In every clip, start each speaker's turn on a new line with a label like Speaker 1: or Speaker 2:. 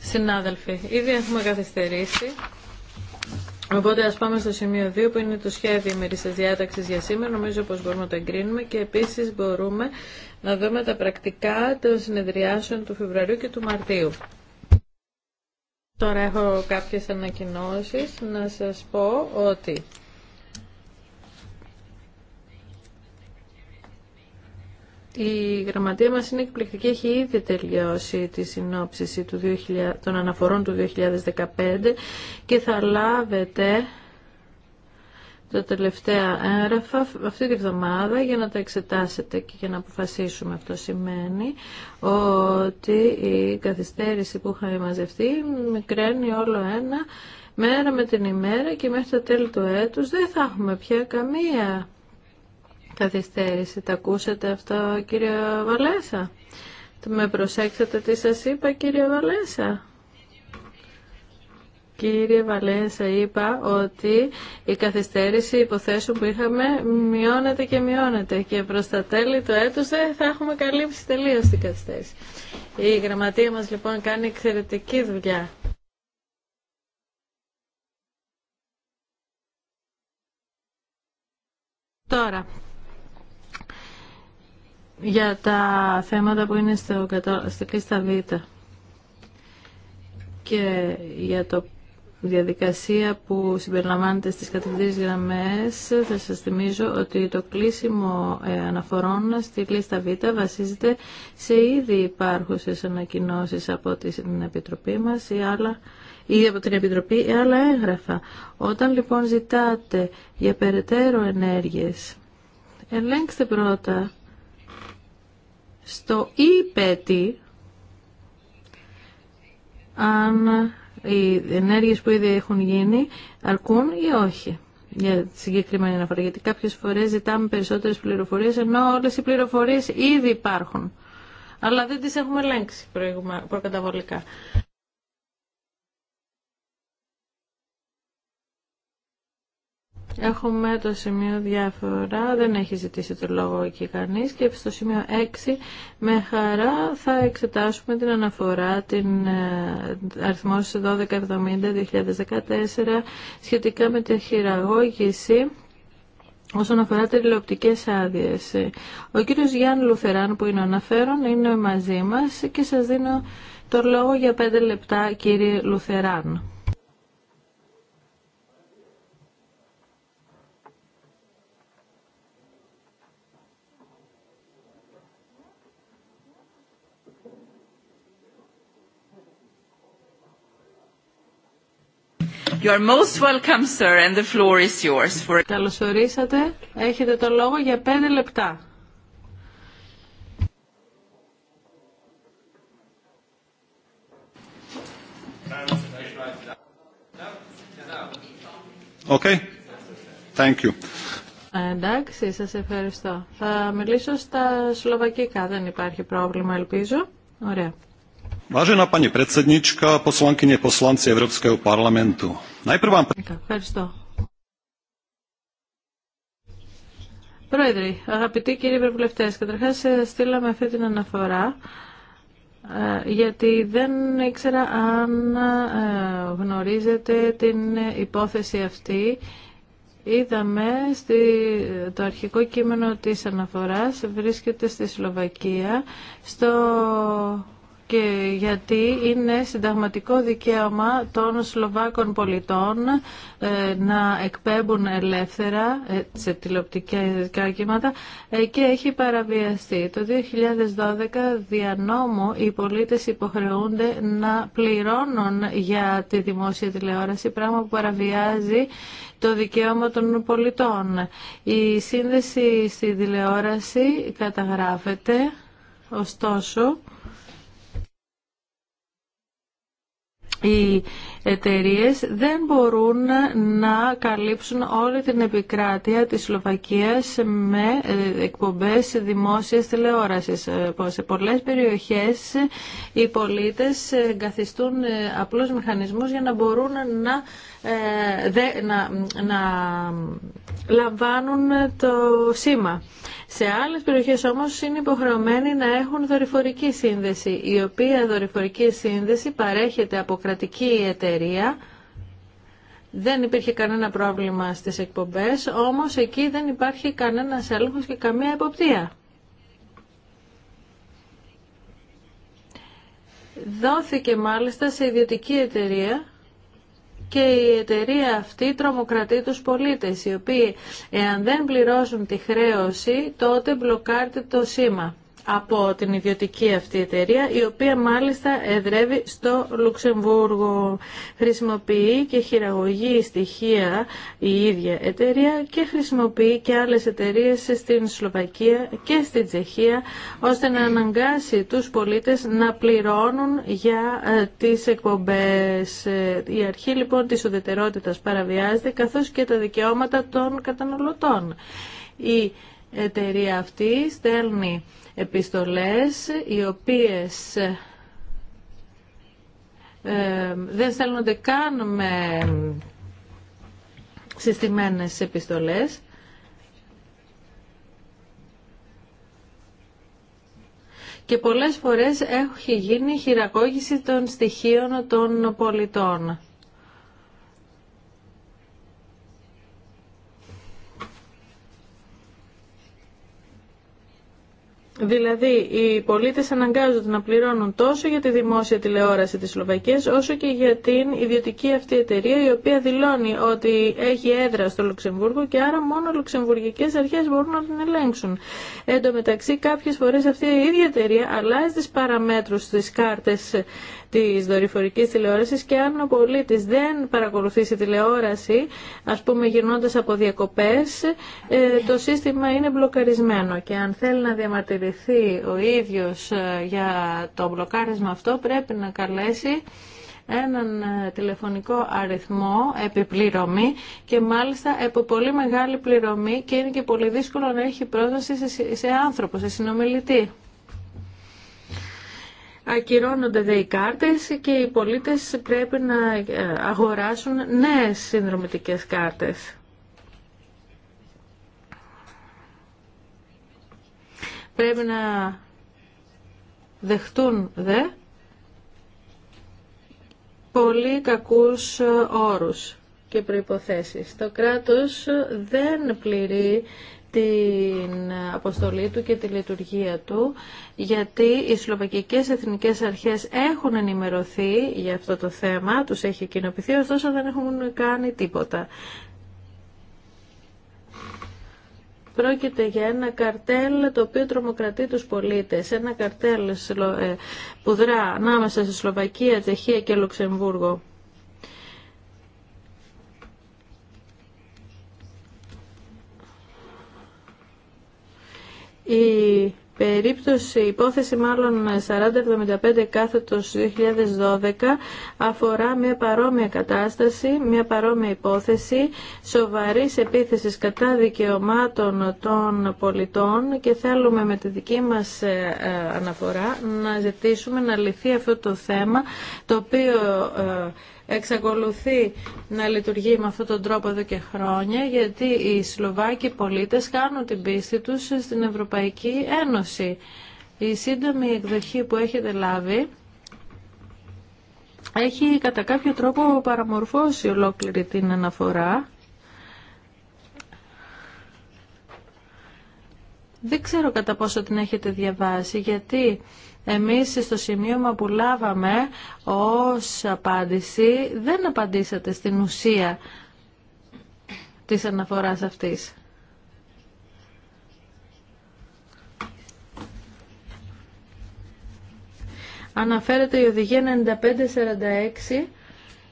Speaker 1: Συνάδελφοι, ήδη έχουμε καθυστερήσει. Οπότε ας πάμε στο σημείο 2 που είναι το σχέδιο της διάταξης για σήμερα. Νομίζω πως μπορούμε να το εγκρίνουμε και επίσης μπορούμε να δούμε τα πρακτικά των συνεδριάσεων του Φεβρουαρίου και του Μαρτίου. Τώρα έχω κάποιες ανακοινώσεις να σας πω ότι Η γραμματεία μας είναι εκπληκτική, έχει ήδη τελειώσει τη συνόψηση του 2000, των αναφορών του 2015 και θα λάβετε τα τελευταία έγγραφα αυτή τη βδομάδα για να τα εξετάσετε και για να αποφασίσουμε. Αυτό σημαίνει ότι η καθυστέρηση που είχαμε μαζευτεί μικραίνει όλο ένα μέρα με την ημέρα και μέχρι το τέλος του έτους δεν θα έχουμε πια καμία καθυστέρηση. Τα ακούσατε αυτό κύριε Βαλέσα. Με προσέξατε τι σας είπα κύριε Βαλέσα. Κύριε Βαλέσα είπα ότι η καθυστέρηση υποθέσεων που είχαμε μειώνεται και μειώνεται και προς τα τέλη του έτους θα έχουμε καλύψει τελείως την καθυστέρηση. Η γραμματεία μας λοιπόν κάνει εξαιρετική δουλειά. Τώρα, για τα θέματα που είναι στο, στη λίστα Β και για το διαδικασία που συμπεριλαμβάνεται στις κατευθύνσεις γραμμές θα σας θυμίζω ότι το κλείσιμο ε, αναφορών στη κλίστα Β βασίζεται σε ήδη υπάρχουσες ανακοινώσεις από την Επιτροπή μας ή άλλα ή από την Επιτροπή ή άλλα έγγραφα. Όταν λοιπόν ζητάτε για περαιτέρω ενέργειες, ελέγξτε πρώτα στο ΙΠΕΤΗ, αν οι ενέργειες που ήδη έχουν γίνει αρκούν ή όχι για τη συγκεκριμένη αναφορά. Γιατί κάποιες φορές ζητάμε περισσότερες πληροφορίες, ενώ όλες οι πληροφορίες ήδη υπάρχουν. Αλλά δεν τις έχουμε ελέγξει προκαταβολικά. Έχουμε το σημείο διάφορα, δεν έχει ζητήσει το λόγο εκεί κανείς και στο σημείο 6 με χαρά θα εξετάσουμε την αναφορά την αριθμό 1270 1270-2014 σχετικά με τη χειραγώγηση όσον αφορά τηλεοπτικές άδειες. Ο κύριος Γιάννη Λουθεράν που είναι ο αναφέρον είναι μαζί μας και σας δίνω το λόγο για 5 λεπτά κύριε Λουθεράν. Καλωσορίσατε. Έχετε το λόγο για πέντε λεπτά. Okay. Thank you. Ε, εντάξει, σας ευχαριστώ. Θα μιλήσω στα σλοβακικά, δεν υπάρχει πρόβλημα, ελπίζω. Ωραία. Ευχαριστώ. Πρόεδρε, αγαπητοί κύριοι Ευρωβουλευτές, καταρχάς ε, στείλαμε αυτή την αναφορά ε, γιατί δεν ήξερα αν ε, γνωρίζετε την υπόθεση αυτή. Είδαμε το αρχικό κείμενο της αναφοράς βρίσκεται στη Σλοβακία στο και γιατί είναι συνταγματικό δικαίωμα των Σλοβάκων πολιτών ε, να εκπέμπουν ελεύθερα ε, σε τηλεοπτικά κύματα ε, και έχει παραβιαστεί. Το 2012 δια νόμου οι πολίτες υποχρεούνται να πληρώνουν για τη δημόσια τηλεόραση, πράγμα που παραβιάζει το δικαίωμα των πολιτών. Η σύνδεση στη τηλεόραση καταγράφεται, ωστόσο, η εταιρείε δεν μπορούν να καλύψουν όλη την επικράτεια της Σλοβακίας με ε, εκπομπές δημόσιας τηλεόρασης. Ε, σε πολλές περιοχές οι πολίτες καθιστούν ε, απλούς μηχανισμούς για να μπορούν να, να, να λαμβάνουν το σήμα. Σε άλλες περιοχές όμως είναι υποχρεωμένοι να έχουν δορυφορική σύνδεση, η οποία δορυφορική σύνδεση παρέχεται από κρατική εταιρεία δεν υπήρχε κανένα πρόβλημα στις εκπομπές, όμως εκεί δεν υπάρχει κανένα έλεγχος και καμία εποπτεία. Δόθηκε μάλιστα σε ιδιωτική εταιρεία και η εταιρεία αυτή τρομοκρατεί τους πολίτες, οι οποίοι εάν δεν πληρώσουν τη χρέωση τότε μπλοκάρτε το σήμα από την ιδιωτική αυτή εταιρεία, η οποία μάλιστα εδρεύει στο Λουξεμβούργο. Χρησιμοποιεί και χειραγωγεί στοιχεία η ίδια εταιρεία και χρησιμοποιεί και άλλες εταιρείες στην Σλοβακία και στην Τσεχία, ώστε να αναγκάσει τους πολίτες να πληρώνουν για ε, τις εκπομπές. Ε, η αρχή λοιπόν της ουδετερότητας παραβιάζεται, καθώς και τα δικαιώματα των καταναλωτών. Η εταιρεία αυτή στέλνει επιστολές οι οποίες ε, δεν στέλνονται καν με συστημένες επιστολές. Και πολλές φορές έχει γίνει χειραγώγηση των στοιχείων των πολιτών. Δηλαδή, οι πολίτες αναγκάζονται να πληρώνουν τόσο για τη δημόσια τηλεόραση της Σλοβακίας, όσο και για την ιδιωτική αυτή εταιρεία, η οποία δηλώνει ότι έχει έδρα στο Λουξεμβούργο και άρα μόνο λουξεμβουργικές αρχές μπορούν να την ελέγξουν. Εν τω μεταξύ, κάποιες φορές αυτή η ίδια εταιρεία αλλάζει τις παραμέτρους στις κάρτες Τη δορυφορική τηλεόραση και αν ο πολιτή δεν παρακολουθήσει τηλεόραση, α πούμε γυρνώντας από διακοπές, ε, το σύστημα είναι μπλοκαρισμένο και αν θέλει να διαμαρτυρηθεί ο ίδιο ε, για το μπλοκάρισμα αυτό πρέπει να καλέσει έναν ε, τηλεφωνικό αριθμό επιπληρωμή και μάλιστα από πολύ μεγάλη πληρωμή και είναι και πολύ δύσκολο να έχει πρόσβαση σε άνθρωπο, σε συνομιλητή ακυρώνονται δε οι κάρτες και οι πολίτες πρέπει να ε, αγοράσουν νέες συνδρομητικές κάρτες. Πρέπει να δεχτούν δε πολύ κακούς όρους και προϋποθέσεις. Το κράτος δεν πληρεί την αποστολή του και τη λειτουργία του, γιατί οι Σλοβακικές Εθνικές Αρχές έχουν ενημερωθεί για αυτό το θέμα, τους έχει κοινοποιηθεί, ωστόσο δεν έχουν κάνει τίποτα. Πρόκειται για ένα καρτέλ το οποίο τρομοκρατεί τους πολίτες. Ένα καρτέλ ε, που δρά ανάμεσα στη Σλοβακία, Τσεχία και Λουξεμβούργο. Η περίπτωση, υπόθεση μάλλον 4075 κάθετος 2012 αφορά μια παρόμοια κατάσταση, μια παρόμοια υπόθεση σοβαρής επίθεσης κατά δικαιωμάτων των πολιτών και θέλουμε με τη δική μας ε, ε, αναφορά να ζητήσουμε να λυθεί αυτό το θέμα το οποίο ε, εξακολουθεί να λειτουργεί με αυτόν τον τρόπο εδώ και χρόνια γιατί οι Σλοβάκοι πολίτες κάνουν την πίστη τους στην Ευρωπαϊκή Ένωση. Η σύντομη εκδοχή που έχετε λάβει έχει κατά κάποιο τρόπο παραμορφώσει ολόκληρη την αναφορά. Δεν ξέρω κατά πόσο την έχετε διαβάσει γιατί εμείς στο σημείωμα που λάβαμε ως απάντηση δεν απαντήσατε στην ουσία της αναφοράς αυτής. Αναφέρεται η Οδηγία 9546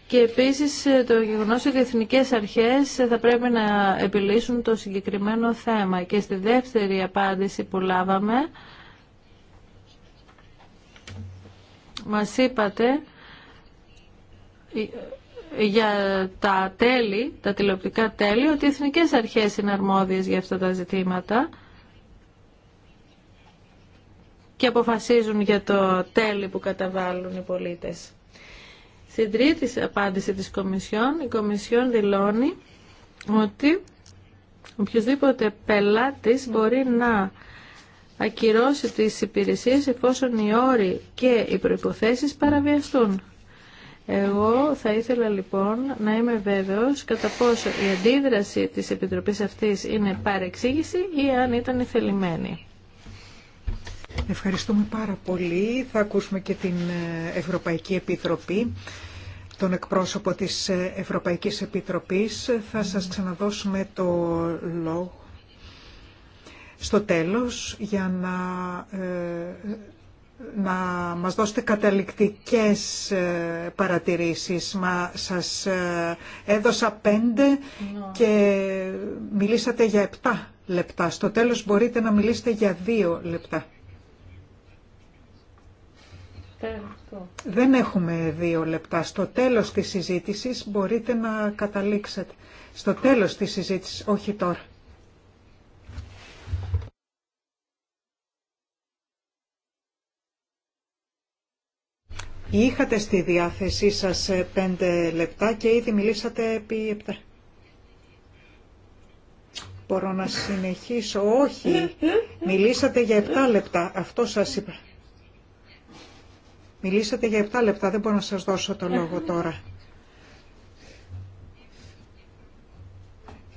Speaker 1: και επίσης το γεγονός ότι οι εθνικές αρχές θα πρέπει να επιλύσουν το συγκεκριμένο θέμα. Και στη δεύτερη απάντηση που λάβαμε μας είπατε για τα τέλη, τα τηλεοπτικά τέλη, ότι οι εθνικές αρχές είναι αρμόδιες για αυτά τα ζητήματα και αποφασίζουν για το τέλη που καταβάλουν οι πολίτες. Στην τρίτη απάντηση της Κομισιόν, η Κομισιόν δηλώνει ότι οποιοδήποτε πελάτης μπορεί να ακυρώσει τις υπηρεσίες εφόσον οι όροι και οι προϋποθέσεις παραβιαστούν. Εγώ θα ήθελα λοιπόν να είμαι βέβαιος κατά πόσο η αντίδραση της
Speaker 2: Επιτροπής αυτής
Speaker 1: είναι παρεξήγηση ή αν ήταν θελημένη.
Speaker 2: Ευχαριστούμε πάρα πολύ. Θα ακούσουμε και την ε, Ευρωπαϊκή Επιτροπή, τον εκπρόσωπο της ε, Ευρωπαϊκής Επιτροπής. Θα σας ξαναδώσουμε το λόγο στο τέλος για να, ε, να μας δώσετε καταληκτικές ε, παρατηρήσεις. Μα σας ε, έδωσα πέντε και μιλήσατε για επτά λεπτά. Στο τέλος μπορείτε να μιλήσετε για δύο λεπτά. Δεν έχουμε δύο λεπτά. Στο τέλος της συζήτησης μπορείτε να καταλήξετε. Στο τέλος της συζήτησης, όχι τώρα. Είχατε στη διάθεσή σας ε, πέντε λεπτά και ήδη μιλήσατε επί επτά. Μπορώ να συνεχίσω. Όχι. Μιλήσατε για επτά λεπτά. Αυτό σας είπα. Μιλήσατε για επτά λεπτά. Δεν μπορώ να σας δώσω το λόγο τώρα.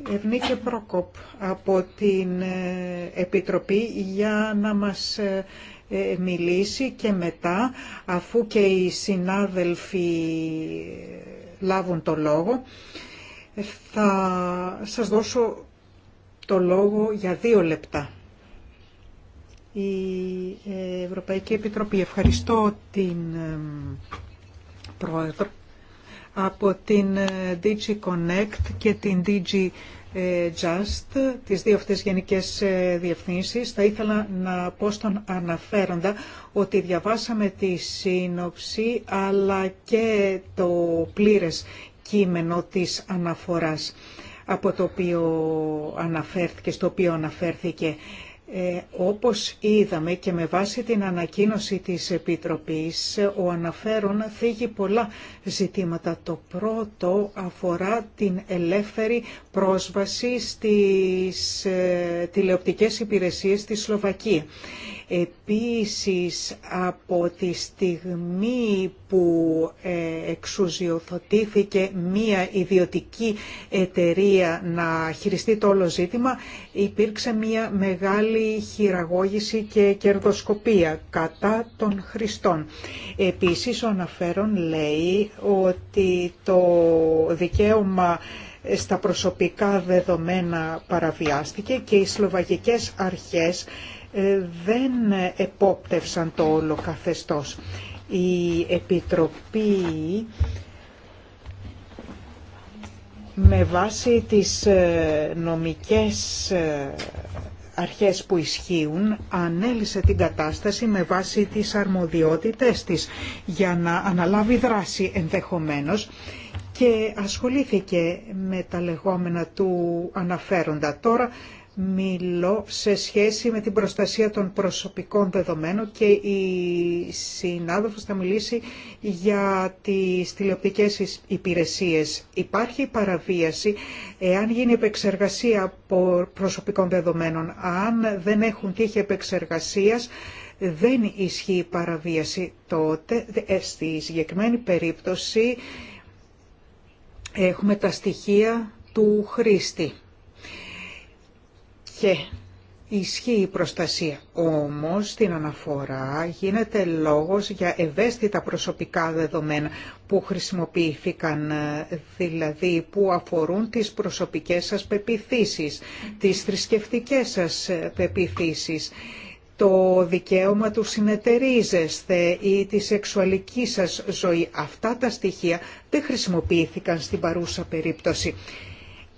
Speaker 2: Ευνίκε Προκόπ από την ε, Επιτροπή για να μας ε, ε, μιλήσει και μετά, αφού και οι συνάδελφοι ε, λάβουν το λόγο, ε, θα σας δώσω το λόγο για δύο λεπτά. Η Ευρωπαϊκή Επιτροπή, ευχαριστώ την Πρόεδρο από την DG Connect και την DG ε, just, τις δύο αυτές γενικές ε, διευθύνσεις, θα ήθελα να πω στον αναφέροντα ότι διαβάσαμε τη σύνοψη αλλά και το πλήρες κείμενο της αναφοράς από το οποίο αναφέρθηκε, στο οποίο αναφέρθηκε ε, όπως είδαμε και με βάση την ανακοίνωση της Επιτροπής, ο αναφέρον θίγει πολλά ζητήματα. Το πρώτο αφορά την ελεύθερη πρόσβαση στις ε, τηλεοπτικές υπηρεσίες στη Σλοβακία. Επίσης, από τη στιγμή που ε, εξουσιοθωτήθηκε μία ιδιωτική εταιρεία να χειριστεί το όλο ζήτημα, υπήρξε μία μεγάλη χειραγώγηση και κερδοσκοπία κατά των χρηστών. Επίσης, ο αναφέρον λέει ότι το δικαίωμα στα προσωπικά δεδομένα παραβιάστηκε και οι σλοβαγικές αρχές ε, δεν επόπτευσαν το όλο καθεστώς. Η Επιτροπή με βάση τις ε, νομικές ε, αρχές που ισχύουν ανέλησε την κατάσταση με βάση τις αρμοδιότητες της για να αναλάβει δράση ενδεχομένως και ασχολήθηκε με τα λεγόμενα του αναφέροντα. Τώρα μιλώ σε σχέση με την προστασία των προσωπικών δεδομένων και η συνάδελφος θα μιλήσει για τις τηλεοπτικές υπηρεσίες. Υπάρχει παραβίαση εάν γίνει επεξεργασία προσωπικών δεδομένων. Αν δεν έχουν τύχη επεξεργασίας, δεν ισχύει παραβίαση τότε. Ε, στη συγκεκριμένη περίπτωση έχουμε τα στοιχεία του χρήστη και ισχύει η προστασία. Όμως στην αναφορά γίνεται λόγος για ευαίσθητα προσωπικά δεδομένα που χρησιμοποιήθηκαν, ε, δηλαδή που αφορούν τις προσωπικές σας πεπιθήσεις, τις θρησκευτικές σας ε, πεπιθήσεις, το δικαίωμα του συνεταιρίζεστε ή τη σεξουαλική σας ζωή. Αυτά τα στοιχεία δεν χρησιμοποιήθηκαν στην παρούσα περίπτωση.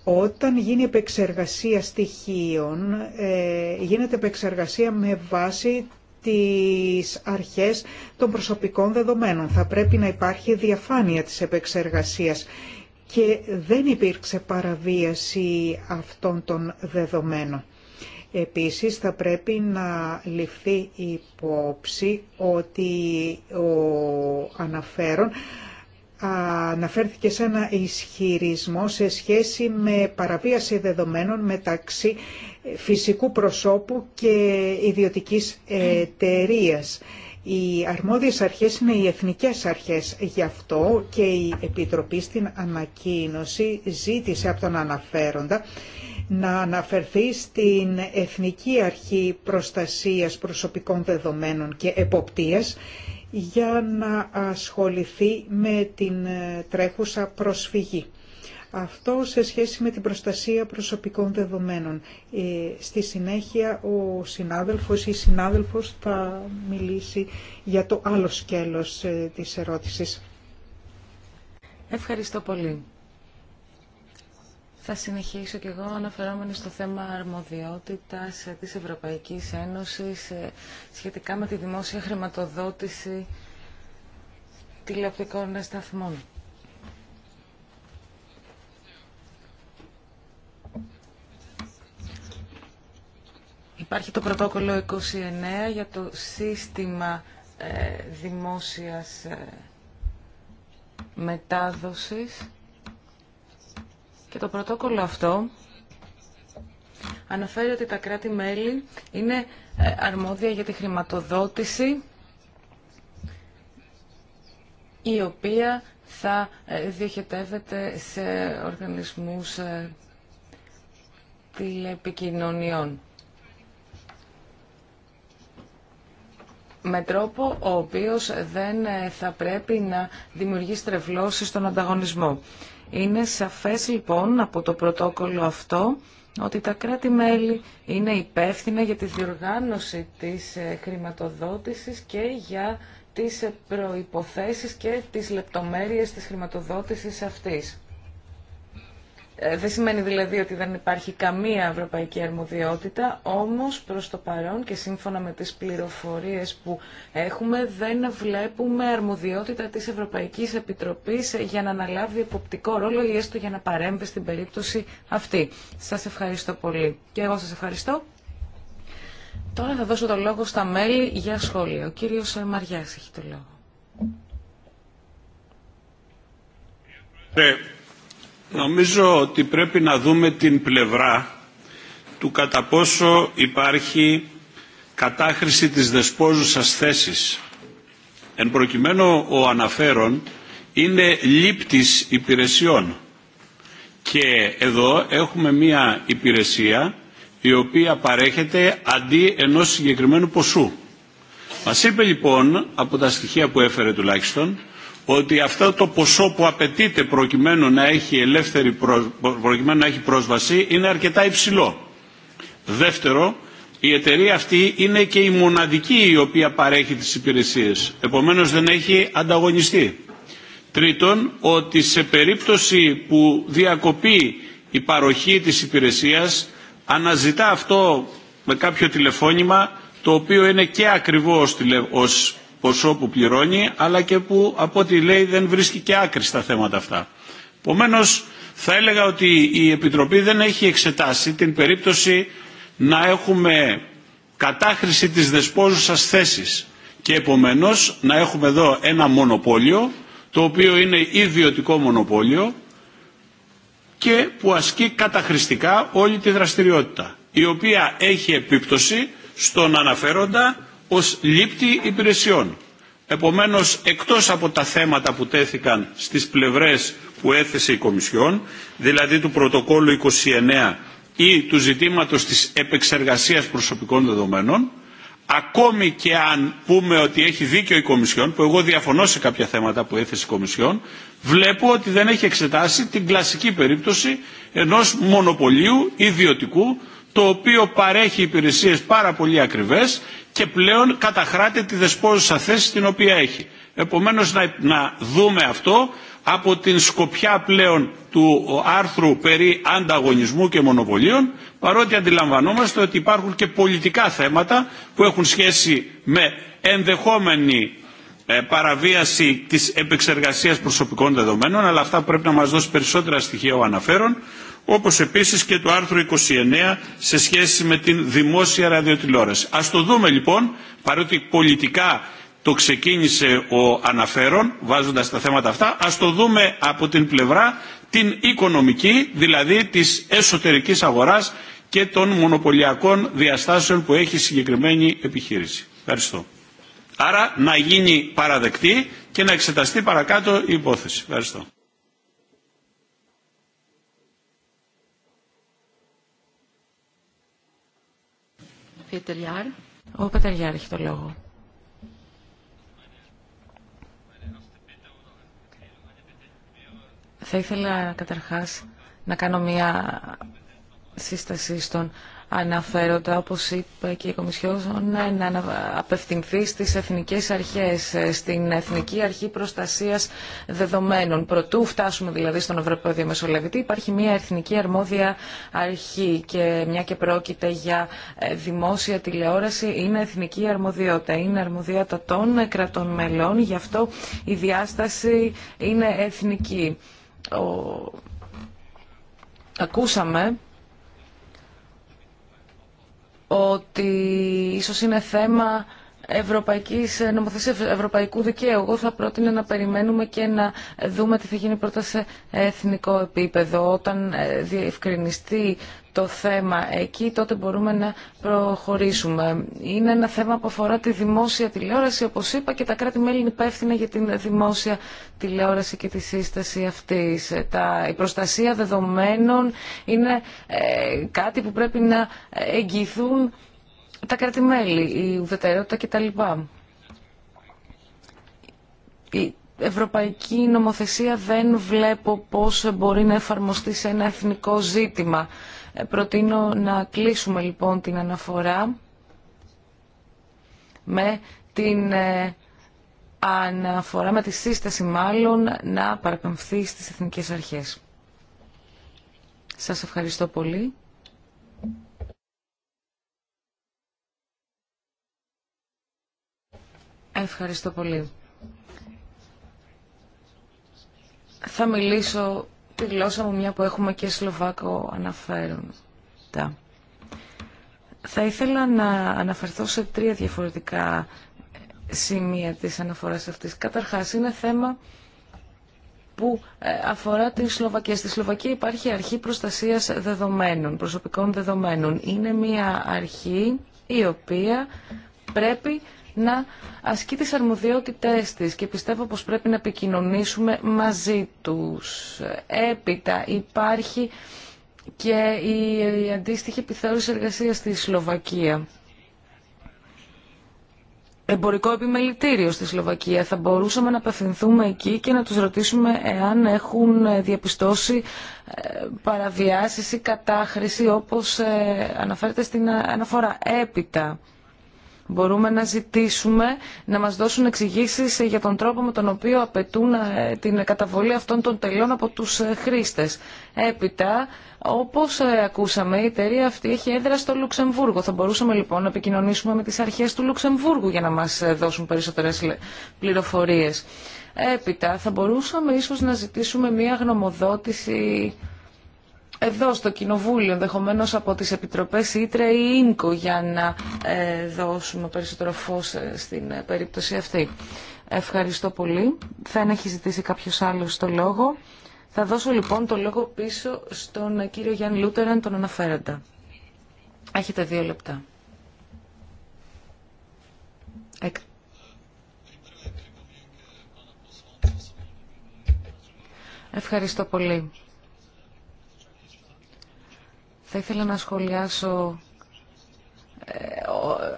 Speaker 2: Όταν γίνει επεξεργασία στοιχείων, ε, γίνεται επεξεργασία με βάση τις αρχές των προσωπικών δεδομένων. Θα πρέπει να υπάρχει διαφάνεια της επεξεργασίας και δεν υπήρξε παραβίαση αυτών των δεδομένων. Επίσης θα πρέπει να ληφθεί υπόψη ότι ο αναφέρον αναφέρθηκε σε ένα ισχυρισμό σε σχέση με παραβίαση δεδομένων μεταξύ φυσικού προσώπου και ιδιωτικής εταιρεία. Οι αρμόδιες αρχές είναι οι εθνικές αρχές. Γι' αυτό και η Επιτροπή στην ανακοίνωση ζήτησε από τον αναφέροντα να αναφερθεί στην Εθνική Αρχή Προστασίας Προσωπικών Δεδομένων και Εποπτείας για να ασχοληθεί με την ε, τρέχουσα προσφυγή. Αυτό σε σχέση με την προστασία προσωπικών δεδομένων. Ε, στη συνέχεια ο συνάδελφος ή η συνάδελφος θα μιλήσει για το άλλο σκέλος ε, της ερώτησης. Ευχαριστώ πολύ. Θα συνεχίσω και εγώ
Speaker 3: αναφερόμενοι στο θέμα αρμοδιότητας ε, της Ευρωπαϊκής Ένωσης ε, σχετικά με τη δημόσια χρηματοδότηση τηλεοπτικών σταθμών. Υπάρχει το πρωτόκολλο 29 για το σύστημα ε, δημόσιας μετάδοσης και το πρωτόκολλο αυτό αναφέρει ότι τα κράτη-μέλη είναι ε, αρμόδια για τη χρηματοδότηση η οποία θα ε, διοχετεύεται σε οργανισμούς ε, τηλεπικοινωνιών. με τρόπο ο οποίος δεν θα πρέπει να δημιουργεί στρεβλώσεις στον ανταγωνισμό. Είναι σαφές λοιπόν από το πρωτόκολλο αυτό ότι τα κράτη-μέλη είναι υπεύθυνα για τη διοργάνωση της ε, χρηματοδότησης και για τις ε, προϋποθέσεις και τις λεπτομέρειες της χρηματοδότησης αυτής. Ε, δεν σημαίνει δηλαδή ότι δεν υπάρχει καμία ευρωπαϊκή αρμοδιότητα, όμως προς το παρόν και σύμφωνα με τις πληροφορίες που έχουμε δεν βλέπουμε αρμοδιότητα της Ευρωπαϊκής Επιτροπής για να αναλάβει εποπτικό ρόλο ή έστω για να παρέμβει στην περίπτωση αυτή. Σας ευχαριστώ πολύ. Και εγώ σας ευχαριστώ. Τώρα θα δώσω το λόγο στα μέλη για σχόλιο. Ο κύριος Μαριάς έχει το λόγο.
Speaker 4: Ναι. Νομίζω ότι πρέπει να δούμε την πλευρά του κατά πόσο υπάρχει κατάχρηση της δεσπόζουσας θέσης. Εν προκειμένου ο αναφέρον είναι λήπτης υπηρεσιών και εδώ έχουμε μία υπηρεσία η οποία παρέχεται αντί ενός συγκεκριμένου ποσού. Μας είπε λοιπόν, από τα στοιχεία που έφερε τουλάχιστον, ότι αυτό το ποσό που απαιτείται προκειμένου να έχει, ελεύθερη προκειμένου να έχει πρόσβαση είναι αρκετά υψηλό. Δεύτερο, η εταιρεία αυτή είναι και η μοναδική η οποία παρέχει τις υπηρεσίες. Επομένως δεν έχει ανταγωνιστεί. Τρίτον, ότι σε περίπτωση που διακοπεί η παροχή της υπηρεσίας αναζητά αυτό με κάποιο τηλεφώνημα το οποίο είναι και ακριβώς ως ποσό που πληρώνει, αλλά και που από ό,τι λέει δεν βρίσκει και άκρη στα θέματα αυτά. Επομένω, θα έλεγα ότι η Επιτροπή δεν έχει εξετάσει την περίπτωση να έχουμε κατάχρηση της δεσπόζουσας θέσης και επομένως να έχουμε εδώ ένα μονοπόλιο το οποίο είναι ιδιωτικό μονοπόλιο και που ασκεί καταχρηστικά όλη τη δραστηριότητα η οποία έχει επίπτωση στον αναφέροντα ως λήπτη υπηρεσιών. Επομένως, εκτός από τα θέματα που τέθηκαν στις πλευρές που έθεσε η Κομισιόν, δηλαδή του πρωτοκόλλου 29 ή του ζητήματος της επεξεργασίας προσωπικών δεδομένων, ακόμη και αν πούμε ότι έχει δίκιο η Κομισιόν, που εγώ διαφωνώ σε κάποια θέματα που έθεσε η Κομισιόν, βλέπω ότι δεν έχει εξετάσει την κλασική περίπτωση ενός μονοπωλίου ιδιωτικού το οποίο παρέχει υπηρεσίες πάρα πολύ ακριβές και πλέον καταχράται τη δεσπόζουσα θέση την οποία έχει. Επομένως να, να δούμε αυτό από την σκοπιά πλέον του άρθρου περί ανταγωνισμού και μονοπωλίων παρότι αντιλαμβανόμαστε ότι υπάρχουν και πολιτικά θέματα που έχουν σχέση με ενδεχόμενη ε, παραβίαση της επεξεργασίας προσωπικών δεδομένων αλλά αυτά πρέπει να μας δώσει περισσότερα στοιχεία ο αναφέρον όπως επίσης και το άρθρο 29 σε σχέση με την δημόσια ραδιοτηλεόραση. Ας το δούμε λοιπόν, παρότι πολιτικά το ξεκίνησε ο αναφέρον βάζοντας τα θέματα αυτά, ας το δούμε από την πλευρά την οικονομική, δηλαδή της εσωτερικής αγοράς και των μονοπωλιακών διαστάσεων που έχει συγκεκριμένη επιχείρηση. Ευχαριστώ. Άρα να γίνει παραδεκτή και να εξεταστεί παρακάτω η υπόθεση. Ευχαριστώ.
Speaker 3: Ο Πέτερ έχει το λόγο. Θα ήθελα καταρχάς να κάνω μία σύσταση στον αναφέροντα, όπως είπε και η Κομισιόν, ε, να απευθυνθεί στις εθνικές αρχές, ε, στην Εθνική Αρχή Προστασίας Δεδομένων. Προτού φτάσουμε δηλαδή στον Ευρωπαϊκό Διαμεσολαβητή, υπάρχει μια εθνική αρμόδια αρχή και μια και πρόκειται για ε, δημόσια τηλεόραση, είναι εθνική αρμοδιότητα. Είναι αρμοδιότητα των κρατών μελών, γι' αυτό η διάσταση είναι εθνική. Ακούσαμε ότι ίσως είναι θέμα ευρωπαϊκής ε, νομοθεσίας ευρωπαϊκού δικαίου. Εγώ θα πρότεινα να περιμένουμε και να δούμε τι θα γίνει πρώτα σε εθνικό επίπεδο. Όταν ε, διευκρινιστεί το θέμα εκεί, τότε μπορούμε να προχωρήσουμε. Είναι ένα θέμα που αφορά τη δημόσια τηλεόραση, όπως είπα, και τα κράτη-μέλη είναι υπεύθυνα για την δημόσια τηλεόραση και τη σύσταση αυτή. Ε, η προστασία δεδομένων είναι κάτι που πρέπει να εγγυηθούν τα κρατημέλη, η ουδετερότητα κτλ. Η ευρωπαϊκή νομοθεσία δεν βλέπω πώς μπορεί να εφαρμοστεί σε ένα εθνικό ζήτημα. Ε, προτείνω να κλείσουμε λοιπόν την αναφορά με την ε, αναφορά με τη σύσταση μάλλον να παραπεμφθεί στις εθνικές αρχές. Σας ευχαριστώ πολύ. Ευχαριστώ πολύ. Θα μιλήσω τη γλώσσα μου, μια που έχουμε και Σλοβάκο αναφέροντα. Θα ήθελα να αναφερθώ σε τρία διαφορετικά σημεία της αναφοράς αυτής. Καταρχάς, είναι θέμα που ε, αφορά την Σλοβακία. Στη Σλοβακία υπάρχει αρχή προστασίας δεδομένων, προσωπικών δεδομένων. Είναι μια αρχή η οποία πρέπει να ασκεί τις αρμοδιότητές της και πιστεύω πως πρέπει να επικοινωνήσουμε μαζί τους. Έπειτα υπάρχει και η αντίστοιχη επιθεώρηση εργασίας στη Σλοβακία. Εμπορικό επιμελητήριο στη Σλοβακία. Θα μπορούσαμε να απευθυνθούμε εκεί και να τους ρωτήσουμε εάν έχουν διαπιστώσει ε, παραβιάσεις ή κατάχρηση όπως ε, αναφέρεται στην αναφορά. Έπειτα. Μπορούμε να ζητήσουμε να μας δώσουν εξηγήσεις για τον τρόπο με τον οποίο απαιτούν ε, την καταβολή αυτών των τελών από τους ε, χρήστες. Έπειτα, όπως ε, ακούσαμε, η εταιρεία αυτή έχει έδρα στο Λουξεμβούργο. Θα μπορούσαμε λοιπόν να επικοινωνήσουμε με τις αρχές του Λουξεμβούργου για να μας δώσουν περισσότερες πληροφορίες. Έπειτα, θα μπορούσαμε ίσως να ζητήσουμε μία γνωμοδότηση εδώ στο Κοινοβούλιο, ενδεχομένω από τις Επιτροπές Ήτρε ή Ίνκο για να ε, δώσουμε περισσότερο φως ε, στην ε, περίπτωση αυτή. Ευχαριστώ πολύ. θα έχει ζητήσει κάποιο άλλος το λόγο. Θα δώσω λοιπόν το λόγο πίσω στον κύριο Γιάννη Λούτεραν, τον αναφέροντα. Έχετε δύο λεπτά. Ευχαριστώ πολύ. Θα ήθελα να σχολιάσω ε,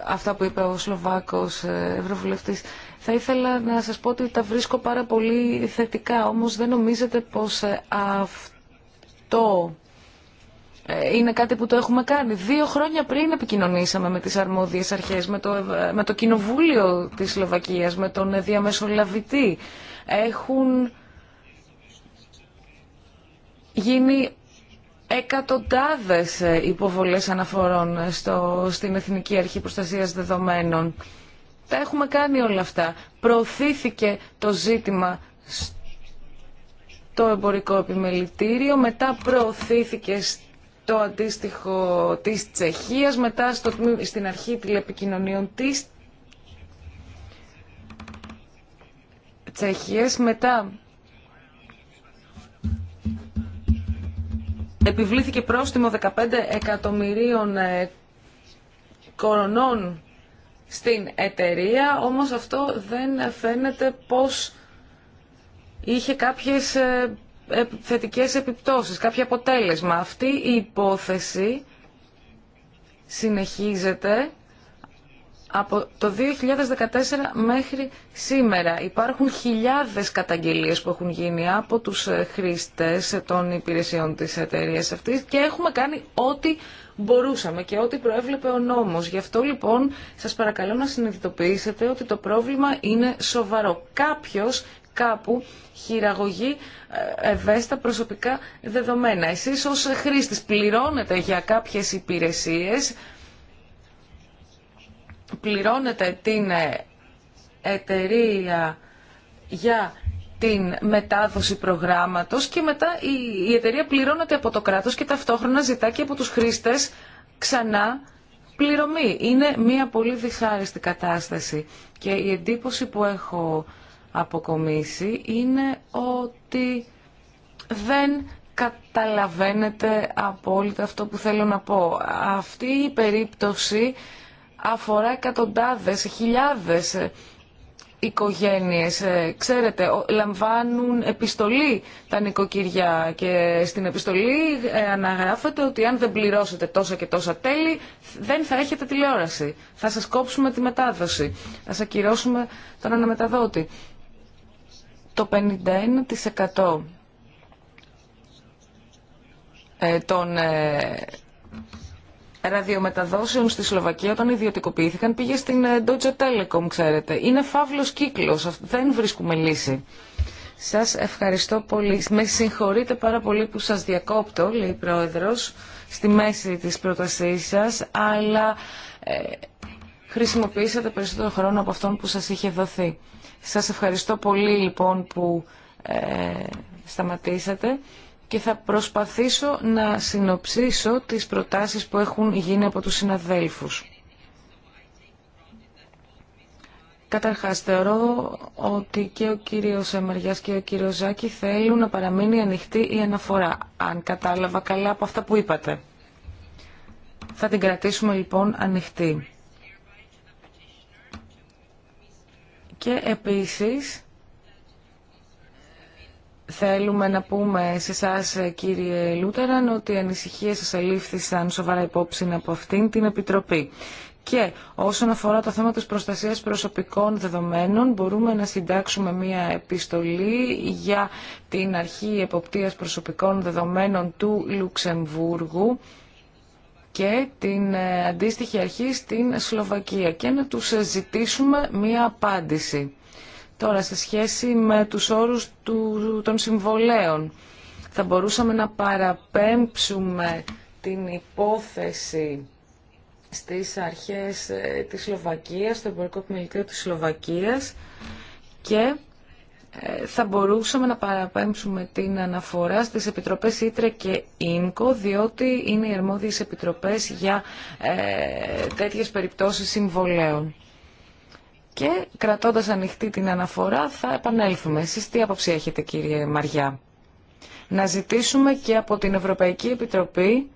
Speaker 3: αυτά που είπε ο Σλοβάκος ε, Ευρωβουλευτής. Θα ήθελα να σας πω ότι τα βρίσκω πάρα πολύ θετικά, όμως δεν νομίζετε πως ε, αυτό είναι κάτι που το έχουμε κάνει. Δύο χρόνια πριν επικοινωνήσαμε με τις αρμόδιες αρχές, με το, με το Κοινοβούλιο της Σλοβακίας, με τον διαμεσολαβητή. Έχουν γίνει εκατοντάδες ε, υποβολές αναφορών ε, στο, στην Εθνική Αρχή Προστασίας Δεδομένων. Τα έχουμε κάνει όλα αυτά. Προωθήθηκε το ζήτημα στο εμπορικό επιμελητήριο, μετά προωθήθηκε το αντίστοιχο της Τσεχίας, μετά στο, στην αρχή τηλεπικοινωνίων της Τσεχίας, μετά επιβλήθηκε πρόστιμο 15 εκατομμυρίων ε, κορονών στην εταιρεία, όμως αυτό δεν φαίνεται πως είχε κάποιες ε, ε, θετικές επιπτώσεις, κάποιο αποτέλεσμα. Αυτή η υπόθεση συνεχίζεται από το 2014 μέχρι σήμερα υπάρχουν χιλιάδες καταγγελίες που έχουν γίνει από τους ε, χρήστες των υπηρεσιών της εταιρεία αυτής και έχουμε κάνει ό,τι μπορούσαμε και ό,τι προέβλεπε ο νόμος. Γι' αυτό λοιπόν σας παρακαλώ να συνειδητοποιήσετε ότι το πρόβλημα είναι σοβαρό. Κάποιος κάπου χειραγωγεί ε, ευαίσθητα προσωπικά δεδομένα. Εσείς ως χρήστης πληρώνετε για κάποιες υπηρεσίες πληρώνεται την ε, εταιρεία για την μετάδοση προγράμματος και μετά η, η εταιρεία πληρώνεται από το κράτος και ταυτόχρονα ζητά και από τους χρήστες ξανά πληρωμή. Είναι μια πολύ δυσάρεστη κατάσταση και η εντύπωση που έχω αποκομίσει είναι ότι δεν καταλαβαίνετε απόλυτα αυτό που θέλω να πω. Αυτή η περίπτωση αφορά εκατοντάδες, χιλιάδες οικογένειες. Ε, ξέρετε, λαμβάνουν επιστολή τα νοικοκυριά και στην επιστολή ε, αναγράφεται ότι αν δεν πληρώσετε τόσα και τόσα τέλη δεν θα έχετε τηλεόραση. Θα σας κόψουμε τη μετάδοση. Θα σας ακυρώσουμε τον αναμεταδότη. Το 51% ε, των ραδιομεταδόσεων στη Σλοβακία όταν ιδιωτικοποιήθηκαν πήγε στην ε, Deutsche Telekom, ξέρετε. Είναι φαύλος κύκλος, δεν βρίσκουμε λύση. Σας ευχαριστώ πολύ. Με συγχωρείτε πάρα πολύ που σας διακόπτω, λέει η Πρόεδρος, στη μέση της πρότασής σας, αλλά ε, χρησιμοποιήσατε περισσότερο χρόνο από αυτόν που σας είχε δοθεί. Σας ευχαριστώ πολύ λοιπόν που ε, σταματήσατε και θα προσπαθήσω να συνοψίσω τις προτάσεις που έχουν γίνει από τους συναδέλφους. Καταρχάς, θεωρώ ότι και ο κύριος Εμεριάς και ο κύριος Ζάκη θέλουν να παραμείνει ανοιχτή η αναφορά, αν κατάλαβα καλά από αυτά που είπατε. Θα την κρατήσουμε λοιπόν ανοιχτή. Και επίσης, Θέλουμε να πούμε σε εσά, κύριε Λούτεραν, ότι οι ανησυχίε σα ελήφθησαν σοβαρά υπόψη από αυτήν την Επιτροπή. Και όσον αφορά το θέμα της προστασίας προσωπικών δεδομένων, μπορούμε να συντάξουμε μία επιστολή για την αρχή εποπτείας προσωπικών δεδομένων του Λουξεμβούργου και την ε, αντίστοιχη αρχή στην Σλοβακία και να τους ζητήσουμε μία απάντηση. Τώρα, σε σχέση με τους όρους του, των συμβολέων, θα μπορούσαμε να παραπέμψουμε την υπόθεση στις αρχές ε, της Σλοβακίας, στο εμπορικό επιμελητήριο της Σλοβακίας και ε, θα μπορούσαμε να παραπέμψουμε την αναφορά στις επιτροπές Ήτρε και Ίνκο, διότι είναι οι αρμόδιες επιτροπές για ε, τέτοιες περιπτώσεις συμβολέων και κρατώντας ανοιχτή την αναφορά θα επανέλθουμε. Εσείς τι άποψη έχετε κύριε Μαριά. Να ζητήσουμε και από την Ευρωπαϊκή Επιτροπή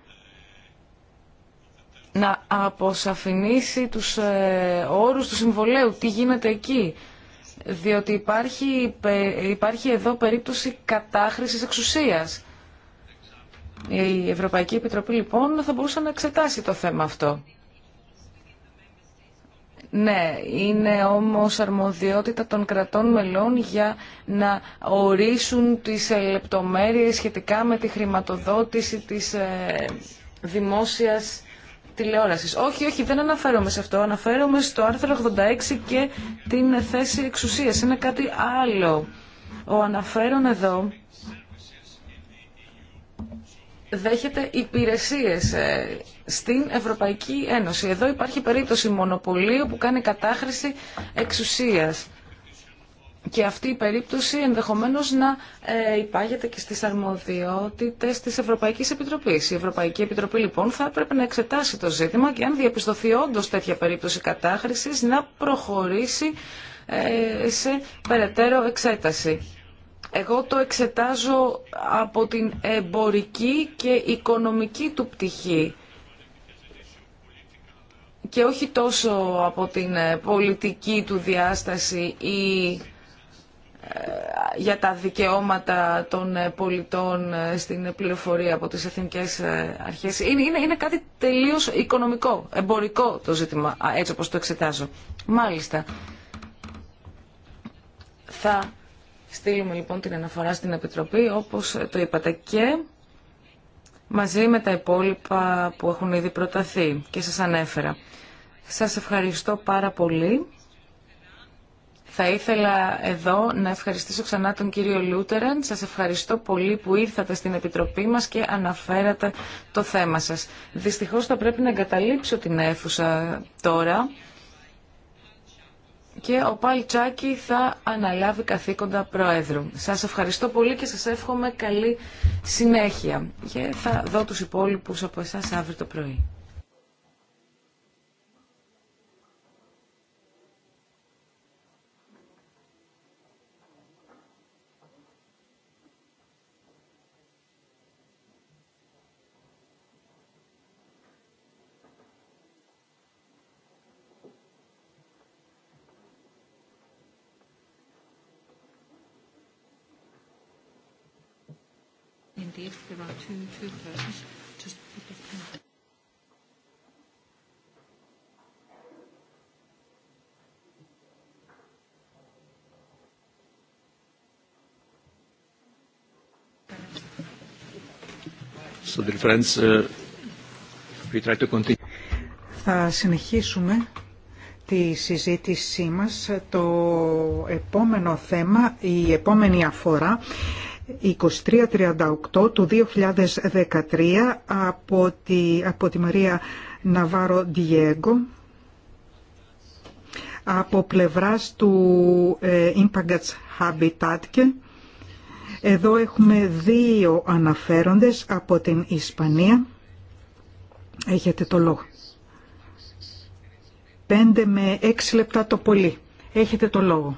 Speaker 3: να αποσαφηνίσει τους ε, όρους του συμβολέου, τι γίνεται εκεί. Διότι υπάρχει, υπάρχει εδώ περίπτωση κατάχρησης εξουσίας. Η Ευρωπαϊκή Επιτροπή λοιπόν θα μπορούσε να εξετάσει το θέμα αυτό. Ναι, είναι όμως αρμοδιότητα των κρατών μελών για να ορίσουν τις ε, λεπτομέρειες σχετικά με τη χρηματοδότηση της ε, δημόσιας τηλεόρασης. Όχι, όχι, δεν αναφέρομαι σε αυτό. Αναφέρομαι στο άρθρο 86 και την θέση εξουσίας. Είναι κάτι άλλο. Ο αναφέρον εδώ δέχεται υπηρεσίες ε, στην Ευρωπαϊκή Ένωση. Εδώ υπάρχει περίπτωση μονοπωλίου που κάνει κατάχρηση εξουσίας. Και αυτή η περίπτωση ενδεχομένως να ε, υπάγεται και στις αρμοδιότητες της Ευρωπαϊκής Επιτροπής. Η Ευρωπαϊκή Επιτροπή λοιπόν θα έπρεπε να εξετάσει το ζήτημα και αν διαπιστωθεί όντως τέτοια περίπτωση κατάχρησης να προχωρήσει ε, σε περαιτέρω εξέταση εγώ το εξετάζω από την εμπορική και οικονομική του πτυχή και όχι τόσο από την ε, πολιτική του διάσταση ή ε, για τα δικαιώματα των ε, πολιτών στην πληροφορία από τις εθνικές αρχές. Είναι, είναι, είναι κάτι τελείως οικονομικό, εμπορικό το ζήτημα, έτσι όπως το εξετάζω. Μάλιστα. Θα στείλουμε λοιπόν την αναφορά στην Επιτροπή, όπως το είπατε, και μαζί με τα υπόλοιπα που έχουν ήδη προταθεί και σας ανέφερα. Σας ευχαριστώ πάρα πολύ. Θα ήθελα εδώ να ευχαριστήσω ξανά τον κύριο Λούτεραν. Σας ευχαριστώ πολύ που ήρθατε στην Επιτροπή μας και αναφέρατε το θέμα σας. Δυστυχώς θα πρέπει να εγκαταλείψω την αίθουσα τώρα και ο Παλτσάκη θα αναλάβει καθήκοντα Προέδρου. Σας ευχαριστώ πολύ και σας εύχομαι καλή συνέχεια. Και θα δω τους υπόλοιπους από εσάς αύριο το πρωί.
Speaker 2: Uh, Θα συνεχίσουμε τη συζήτησή μας. Το επόμενο θέμα, η επόμενη αφορά 2338 του 2013 από τη, από τη Μαρία Ναβάρο Διέγκο από πλευράς του ε, Habitat. Εδώ έχουμε δύο αναφέροντες από την Ισπανία. Έχετε το λόγο. 5 με 6 λεπτά το πολύ. Έχετε το λόγο.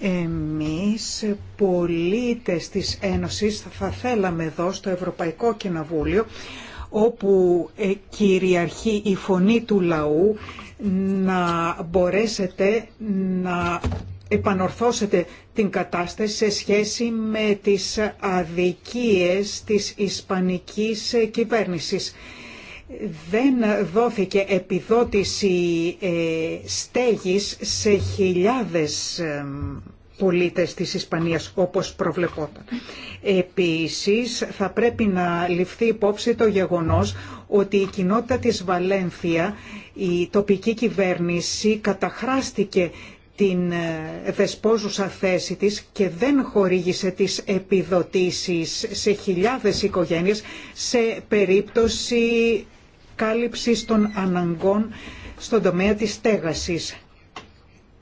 Speaker 2: Εμείς πολίτες της Ένωσης θα θέλαμε εδώ στο Ευρωπαϊκό Κοινοβούλιο όπου ε, κυριαρχεί η φωνή του λαού να μπορέσετε να επανορθώσετε την κατάσταση σε σχέση με τις αδικίες της ισπανικής κυβέρνησης δεν δόθηκε επιδότηση ε, στέγης σε χιλιάδες ε, πολίτες της Ισπανίας όπως προβλεπόταν. Επίσης θα πρέπει να ληφθεί υπόψη το γεγονός ότι η κοινότητα της Βαλένθια, η τοπική κυβέρνηση καταχράστηκε την ε, δεσπόζουσα θέση της και δεν χορήγησε τις επιδοτήσεις σε χιλιάδες οικογένειες σε περίπτωση κάλυψης των αναγκών στον τομέα της στέγασης.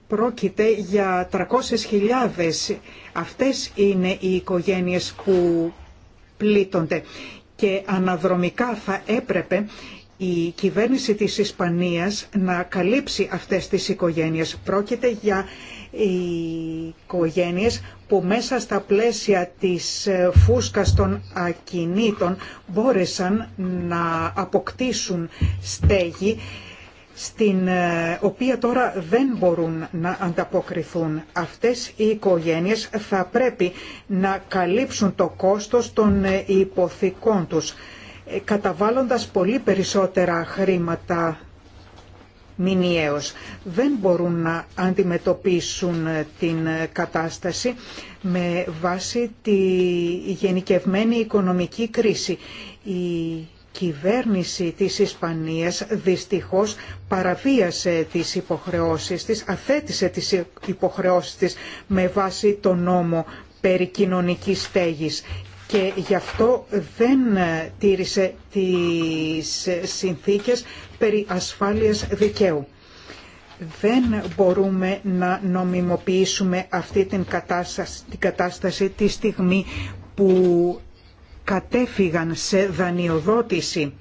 Speaker 2: Πρόκειται για 300.000. Αυτές είναι οι οικογένειες που πλήττονται και αναδρομικά θα έπρεπε η κυβέρνηση της Ισπανίας να καλύψει αυτές τις οικογένειες. Πρόκειται για οι οικογένειες που μέσα στα πλαίσια της ε, φούσκας των ακινήτων μπόρεσαν να αποκτήσουν στέγη στην ε, οποία τώρα δεν μπορούν να ανταποκριθούν. Αυτές οι οικογένειες θα πρέπει να καλύψουν το κόστος των ε, υποθηκών τους καταβάλλοντας πολύ περισσότερα χρήματα δεν μπορούν να αντιμετωπίσουν την κατάσταση με βάση τη γενικευμένη οικονομική κρίση. Η κυβέρνηση της Ισπανίας δυστυχώς παραβίασε τις υποχρεώσεις της, αθέτησε τις υποχρεώσεις της με βάση τον νόμο περί κοινωνικής στέγης και γι' αυτό δεν τήρησε τις συνθήκες περί ασφάλειας δικαίου. Δεν μπορούμε να νομιμοποιήσουμε αυτή την κατάσταση, κατάσταση τη στιγμή που κατέφυγαν σε δανειοδότηση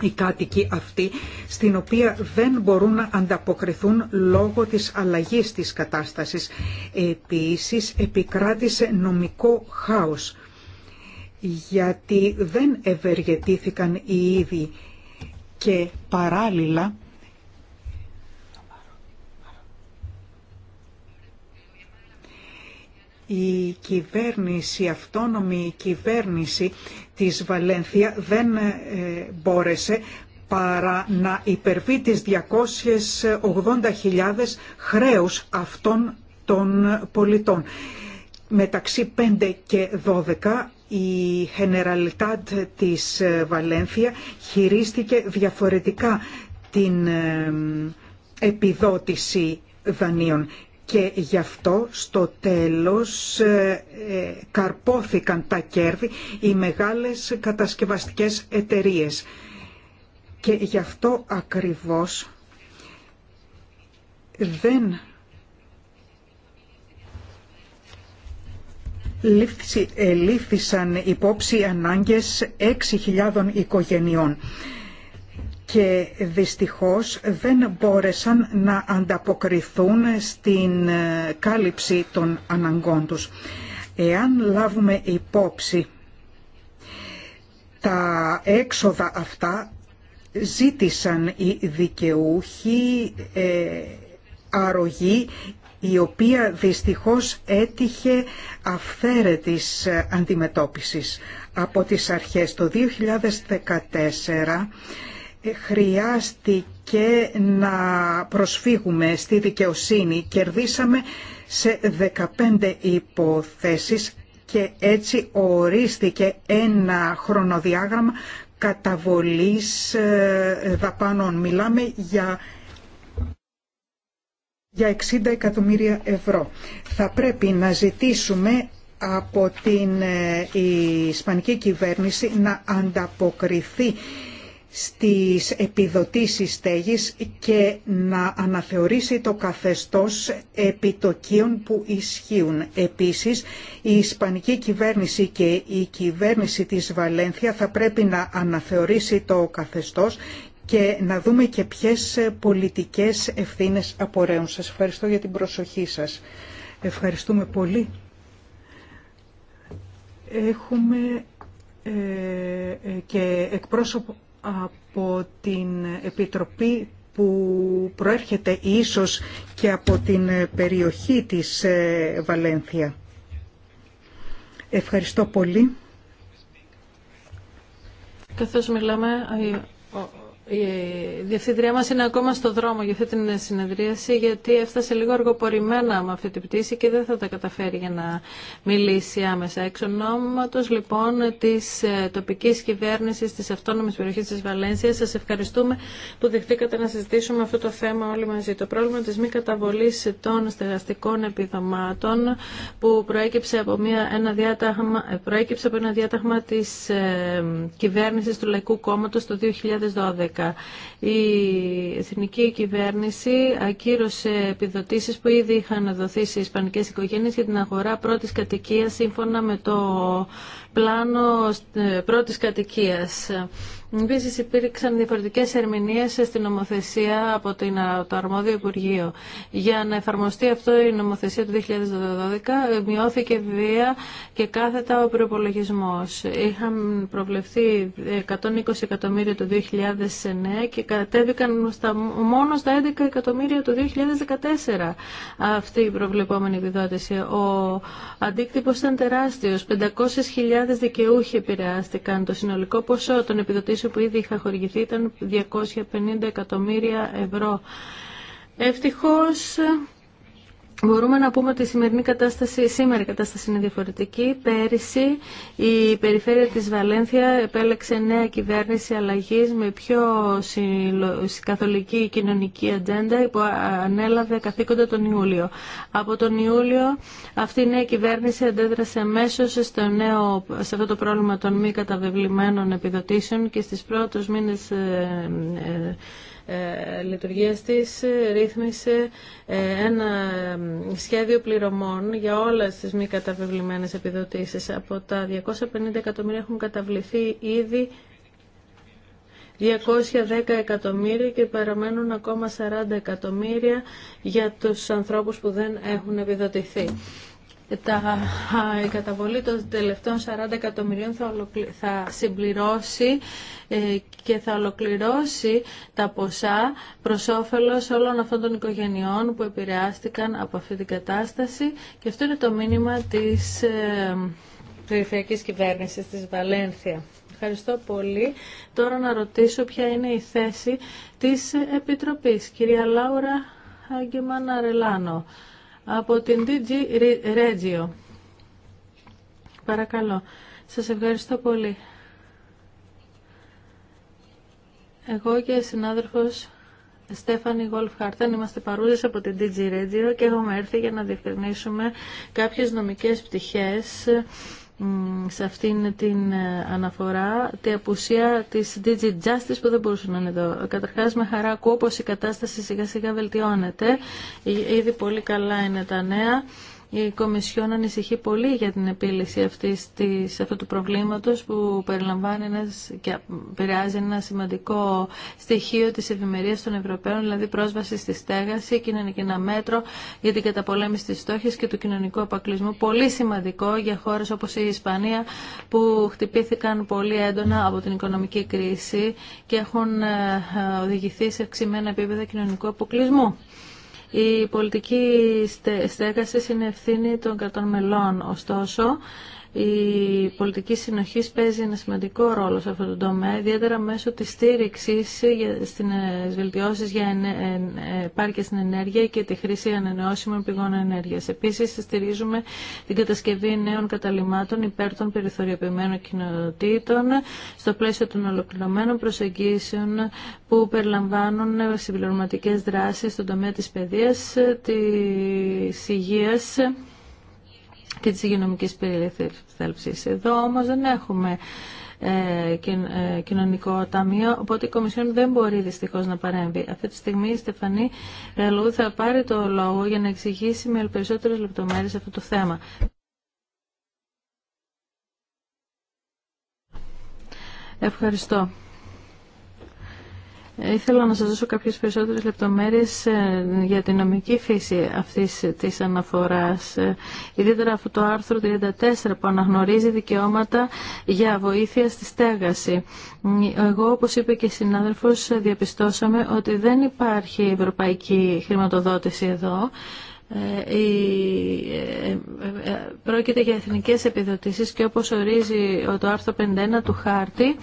Speaker 2: οι κάτοικοι αυτοί, στην οποία δεν μπορούν να ανταποκριθούν λόγω της αλλαγής της κατάστασης. Επίσης, επικράτησε νομικό χάος γιατί δεν ευεργετήθηκαν οι ίδιοι και παράλληλα η κυβέρνηση, αυτόνομη κυβέρνηση της Βαλένθια δεν ε, μπόρεσε παρά να υπερβεί τις 280.000 χρέους αυτών των πολιτών. Μεταξύ 5 και 12 η Generalitat της ε, Βαλένθια χειρίστηκε διαφορετικά την ε, επιδότηση δανείων και γι' αυτό στο τέλος ε, καρπόθηκαν τα κέρδη οι μεγάλες κατασκευαστικές εταιρείες. Και γι' αυτό ακριβώς δεν λήφθησαν υπόψη ανάγκες 6.000 οικογενειών και δυστυχώς δεν μπόρεσαν να ανταποκριθούν στην ε, κάλυψη των αναγκών τους. Εάν λάβουμε υπόψη τα έξοδα αυτά, ζήτησαν οι δικαιούχοι ε, αρρωγή η οποία δυστυχώς έτυχε αυθαίρετης αντιμετώπισης από τις αρχές. Το 2014 ε, χρειάστηκε να προσφύγουμε στη δικαιοσύνη. Κερδίσαμε σε 15 υποθέσεις και έτσι ορίστηκε ένα χρονοδιάγραμμα καταβολής ε, δαπάνων. Μιλάμε για για 60 εκατομμύρια ευρώ. Θα πρέπει να ζητήσουμε από την ε, Ισπανική κυβέρνηση να ανταποκριθεί στις επιδοτήσεις στέγης και να αναθεωρήσει το καθεστώς επιτοκίων που ισχύουν. Επίσης, η Ισπανική κυβέρνηση και η κυβέρνηση της Βαλένθια θα πρέπει να αναθεωρήσει το καθεστώς και να δούμε και ποιες πολιτικές ευθύνες απορρέουν. Σας ευχαριστώ για την προσοχή σας. Ευχαριστούμε πολύ. Έχουμε ε, ε και εκπρόσωπο από την Επιτροπή που προέρχεται ίσως και από την περιοχή της ε, Βαλένθια. Ευχαριστώ πολύ.
Speaker 1: Καθώς μιλάμε, ε, η διευθύντριά μας είναι ακόμα στο δρόμο για αυτή την συνεδρίαση γιατί έφτασε λίγο αργοπορημένα με αυτή την πτήση και δεν θα τα καταφέρει για να μιλήσει άμεσα. Εξ ονόματος λοιπόν της ε, τοπικής κυβέρνησης της αυτόνομης περιοχής της Βαλένσια. σας ευχαριστούμε που δεχτήκατε να συζητήσουμε αυτό το θέμα όλοι μαζί. Το πρόβλημα της μη καταβολής των στεγαστικών επιδομάτων που προέκυψε από, μια, ένα, διάταγμα, ε, προέκυψε από ένα διάταγμα της ε, κυβέρνησης του Λαϊκού Κόμματος το 2012. Η εθνική κυβέρνηση ακύρωσε επιδοτήσεις που ήδη είχαν δοθεί σε ισπανικές οικογένειες για την αγορά πρώτης κατοικίας σύμφωνα με το πλάνο ε, πρώτης κατοικίας. Επίση υπήρξαν διαφορετικέ ερμηνείε στην νομοθεσία από το αρμόδιο Υπουργείο. Για να εφαρμοστεί αυτό η νομοθεσία του 2012 μειώθηκε βία και κάθετα ο προπολογισμό. Είχαν προβλεφθεί 120 εκατομμύρια το 2009 και κατέβηκαν στα, μόνο στα 11 εκατομμύρια το 2014 αυτή η προβλεπόμενη επιδότηση. Ο αντίκτυπο ήταν τεράστιο. 500.000 δικαιούχοι επηρεάστηκαν. Το συνολικό ποσό των επιδοτήσεων πιστοποίηση που ήδη είχα χορηγηθεί ήταν 250 εκατομμύρια ευρώ. Ευτυχώς Μπορούμε να πούμε ότι η σημερινή κατάσταση, σήμερα η κατάσταση είναι διαφορετική. Πέρυσι η περιφέρεια της Βαλένθια επέλεξε νέα κυβέρνηση αλλαγής με πιο καθολική κοινωνική ατζέντα που ανέλαβε καθήκοντα τον Ιούλιο. Από τον Ιούλιο αυτή η νέα κυβέρνηση αντέδρασε μέσω στο νέο, σε αυτό το πρόβλημα των μη καταβεβλημένων επιδοτήσεων και στις πρώτους μήνες ε, ε, ε, λειτουργίας της ε, ρύθμισε ε, ένα σχέδιο πληρωμών για όλες τις μη καταβεβλημένες επιδοτήσεις. Από τα 250 εκατομμύρια έχουν καταβληθεί ήδη 210 εκατομμύρια και παραμένουν ακόμα 40 εκατομμύρια για τους ανθρώπους που δεν έχουν επιδοτηθεί τα, η καταβολή των τελευταίων 40 εκατομμυρίων θα, θα συμπληρώσει ε, και θα ολοκληρώσει τα ποσά προς όφελος όλων αυτών των οικογενειών που επηρεάστηκαν από αυτή την κατάσταση και αυτό είναι το μήνυμα της ε, περιφερειακής κυβέρνησης της Βαλένθια. Ευχαριστώ πολύ. Τώρα να ρωτήσω ποια είναι η θέση της Επιτροπής. Κυρία Λάουρα Αγγεμαναρελάνο από την DG Regio. Παρακαλώ. Σας ευχαριστώ πολύ. Εγώ και συνάδελφος Στέφανη Γολφχάρταν, είμαστε παρούσες από την DG Radio και έχουμε έρθει για να διευκρινίσουμε κάποιες νομικές πτυχές σε αυτήν την ε, αναφορά τη απουσία της DG Justice που δεν μπορούσε να είναι εδώ. Καταρχάς με χαρά ακούω η κατάσταση σιγά σιγά βελτιώνεται. Ήδη πολύ καλά είναι τα νέα. Η Κομισιόν ανησυχεί πολύ για την επίλυση αυτής της, αυτού του προβλήματος που περιλαμβάνει ένας, και επηρεάζει ένα σημαντικό στοιχείο της ευημερία των Ευρωπαίων, δηλαδή πρόσβαση στη στέγαση, κοινωνική ένα μέτρο για την καταπολέμηση της στόχης και του κοινωνικού αποκλεισμού. Πολύ σημαντικό για χώρες όπως η Ισπανία που χτυπήθηκαν πολύ έντονα από την οικονομική κρίση και έχουν ε, ε, οδηγηθεί σε αυξημένα επίπεδα κοινωνικού αποκλεισμού. Η πολιτική στέγαση είναι ευθύνη των κρατών μελών. Ωστόσο, η πολιτική συνοχή παίζει ένα σημαντικό ρόλο σε αυτό το τομέα, ιδιαίτερα μέσω τη στήριξη στι βελτιώσει για ε, επάρκεια στην ενέργεια και τη χρήση ανανεώσιμων πηγών ενέργεια. Επίση, στηρίζουμε την κατασκευή νέων καταλήμματων υπέρ των περιθωριοποιημένων κοινοτήτων στο πλαίσιο των ολοκληρωμένων προσεγγίσεων που περιλαμβάνουν συμπληρωματικέ δράσει στον τομέα τη παιδεία, τη υγεία και της υγειονομικής περίθαλψης. Εδώ όμως δεν έχουμε ε, ε, κοινωνικό ταμείο, οπότε η Κομισιόν δεν μπορεί δυστυχώς να παρέμβει. Αυτή τη στιγμή η Στεφανή Ρελού θα πάρει το λόγο για να εξηγήσει με περισσότερες λεπτομέρειες αυτό το θέμα. Ευχαριστώ. Ε, ήθελα να σας δώσω κάποιες περισσότερες λεπτομέρειες ε, για την νομική φύση αυτής της αναφοράς. Ε, ιδιαίτερα αυτό το άρθρο 34 που αναγνωρίζει δικαιώματα για βοήθεια στη στέγαση. Εγώ, όπως είπε και η συνάδελφος, διαπιστώσαμε ότι δεν υπάρχει ευρωπαϊκή χρηματοδότηση εδώ. Πρόκειται για εθνικές επιδοτήσεις και όπως ορίζει το άρθρο 51 του χάρτη,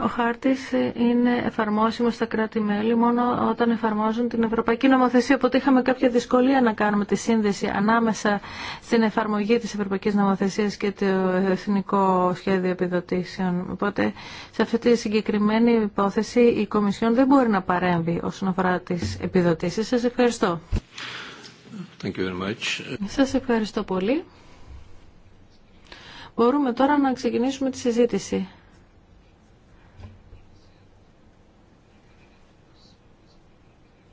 Speaker 1: ο Χάρτη ε, είναι εφαρμόσιμο στα κράτη-μέλη μόνο όταν εφαρμόζουν την Ευρωπαϊκή Νομοθεσία. Οπότε είχαμε κάποια δυσκολία να κάνουμε τη σύνδεση ανάμεσα στην εφαρμογή της Ευρωπαϊκής Νομοθεσίας και το Εθνικό Σχέδιο Επιδοτήσεων. Οπότε σε αυτή τη συγκεκριμένη υπόθεση η Κομισιόν δεν μπορεί να παρέμβει όσον αφορά τι επιδοτήσει. Σα ευχαριστώ. Thank Σας ευχαριστώ πολύ. Μπορούμε τώρα να ξεκινήσουμε τη συζήτηση.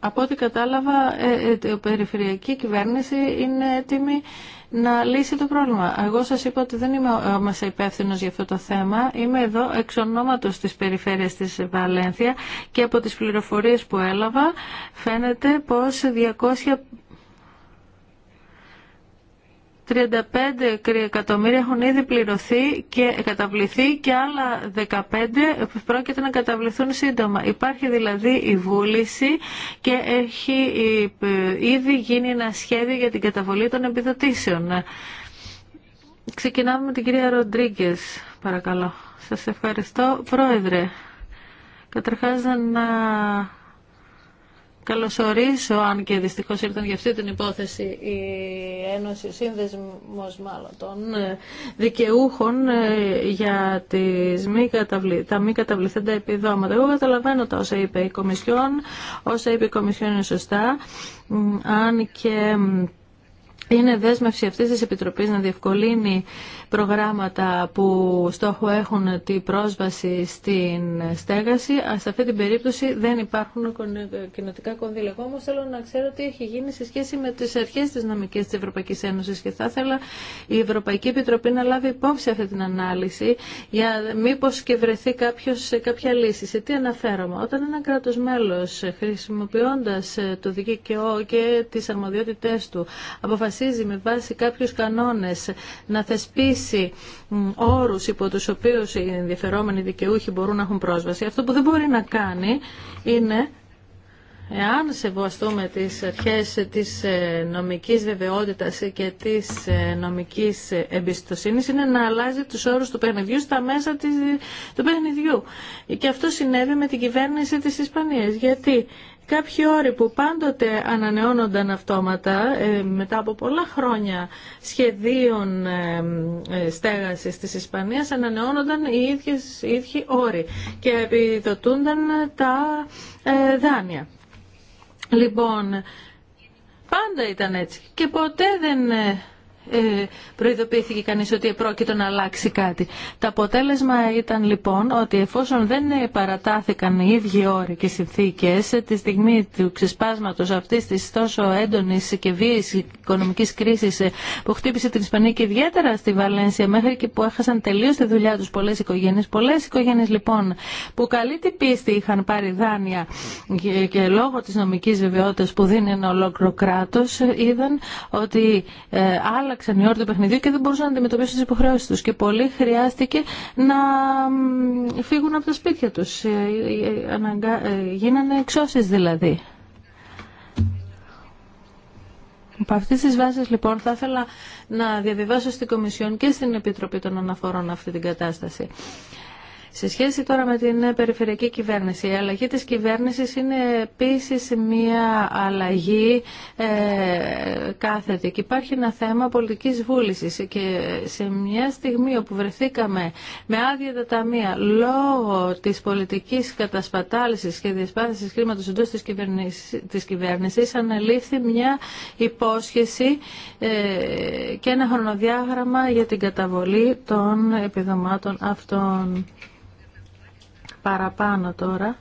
Speaker 1: Από ό,τι κατάλαβα, η ε, ε, περιφερειακή κυβέρνηση είναι έτοιμη να λύσει το πρόβλημα. Εγώ σας είπα ότι δεν είμαι όμως υπεύθυνο για αυτό το θέμα. Είμαι εδώ εξ ονόματος της περιφέρειας της Βαλένθια και από τις πληροφορίες που έλαβα φαίνεται πως 200... 35 εκατομμύρια έχουν ήδη πληρωθεί και καταβληθεί και άλλα 15 πρόκειται να καταβληθούν σύντομα. Υπάρχει δηλαδή η βούληση και έχει ήδη γίνει ένα σχέδιο για την καταβολή των επιδοτήσεων. Ξεκινάμε με την κυρία Ροντρίγκε, παρακαλώ. Σας ευχαριστώ. Πρόεδρε, καταρχάς να καλωσορίσω, αν και δυστυχώς ήρθαν για αυτή την υπόθεση, η Ένωση σύνδεσμο μάλλον των ε, δικαιούχων ε, για τις τα μη καταβληθέντα επιδόματα. Εγώ καταλαβαίνω τα όσα είπε η Κομισιόν, όσα είπε η Κομισιόν είναι σωστά, αν και... Είναι δέσμευση αυτής της Επιτροπής να διευκολύνει προγράμματα που στόχο έχουν την πρόσβαση στην στέγαση. Σε αυτή την περίπτωση δεν υπάρχουν κοινοτικά κονδύλια. Όμω θέλω να ξέρω τι έχει γίνει σε σχέση με τι αρχέ τη νομική τη Ευρωπαϊκή Ένωση και θα ήθελα η Ευρωπαϊκή Επιτροπή να λάβει υπόψη αυτή την ανάλυση για μήπω και βρεθεί κάποια λύση. Σε τι αναφέρομαι. Όταν ένα κράτο μέλο χρησιμοποιώντα ε, το δικαίωμα και τι αρμοδιότητέ του αποφασίζει με βάση κάποιου κανόνε να θεσπίσει ορίσει όρους υπό τους οποίους οι ενδιαφερόμενοι δικαιούχοι μπορούν να έχουν πρόσβαση. Αυτό που δεν μπορεί να κάνει είναι Εάν σεβαστούμε τις αρχές της ε, νομικής βεβαιότητας και της ε, νομικής εμπιστοσύνης είναι να αλλάζει τους όρους του παιχνιδιού στα μέσα της, του παιχνιδιού. Και αυτό συνέβη με την κυβέρνηση της Ισπανίας. Γιατί κάποιοι όροι που πάντοτε ανανεώνονταν αυτόματα ε, μετά από πολλά χρόνια σχεδίων στέγασης της Ισπανίας ανανεώνονταν οι ίδιοι, οι ίδιοι όροι και επιδοτούνταν τα δάνεια. Λοιπόν, πάντα ήταν έτσι και ποτέ δεν ε, ε, προειδοποιήθηκε κανείς ότι επρόκειτο να αλλάξει κάτι. Το αποτέλεσμα ήταν λοιπόν ότι εφόσον δεν παρατάθηκαν οι ίδιοι όροι και συνθήκες ε, τη στιγμή του ξεσπάσματος αυτής της τόσο έντονης και βίαιης οικονομικής κρίσης ε, που χτύπησε την Ισπανία και ιδιαίτερα στη Βαλένσια μέχρι και που έχασαν τελείως τη δουλειά τους πολλές οικογένειες. Πολλές οικογένειες λοιπόν που καλή την πίστη είχαν πάρει δάνεια και λόγω της νομικής βεβαιότητας που δίνει ένα ολόκληρο κράτος είδαν ότι άλλα άλλαξαν οι παιχνιδιού και δεν μπορούσαν να αντιμετωπίσουν τι υποχρεώσει του. Και πολλοί χρειάστηκε να φύγουν από τα σπίτια του. Ε, ε, ε, γίνανε εξώσει δηλαδή. Από αυτή τις βάσεις λοιπόν θα ήθελα να διαβιβάσω στην Κομισιόν και στην Επιτροπή των Αναφορών αυτή την κατάσταση. Σε σχέση τώρα με την ε, περιφερειακή κυβέρνηση, η αλλαγή της κυβέρνησης είναι επίσης μια αλλαγή ε, κάθετη και υπάρχει ένα θέμα πολιτικής βούλησης και σε μια στιγμή όπου βρεθήκαμε με άδεια τα ταμεία λόγω της πολιτικής κατασπατάλησης και διασπάθησης χρήματος εντός της κυβέρνησης, της αναλήφθη μια υπόσχεση ε, και ένα χρονοδιάγραμμα για την καταβολή των επιδομάτων αυτών παραπάνω τώρα.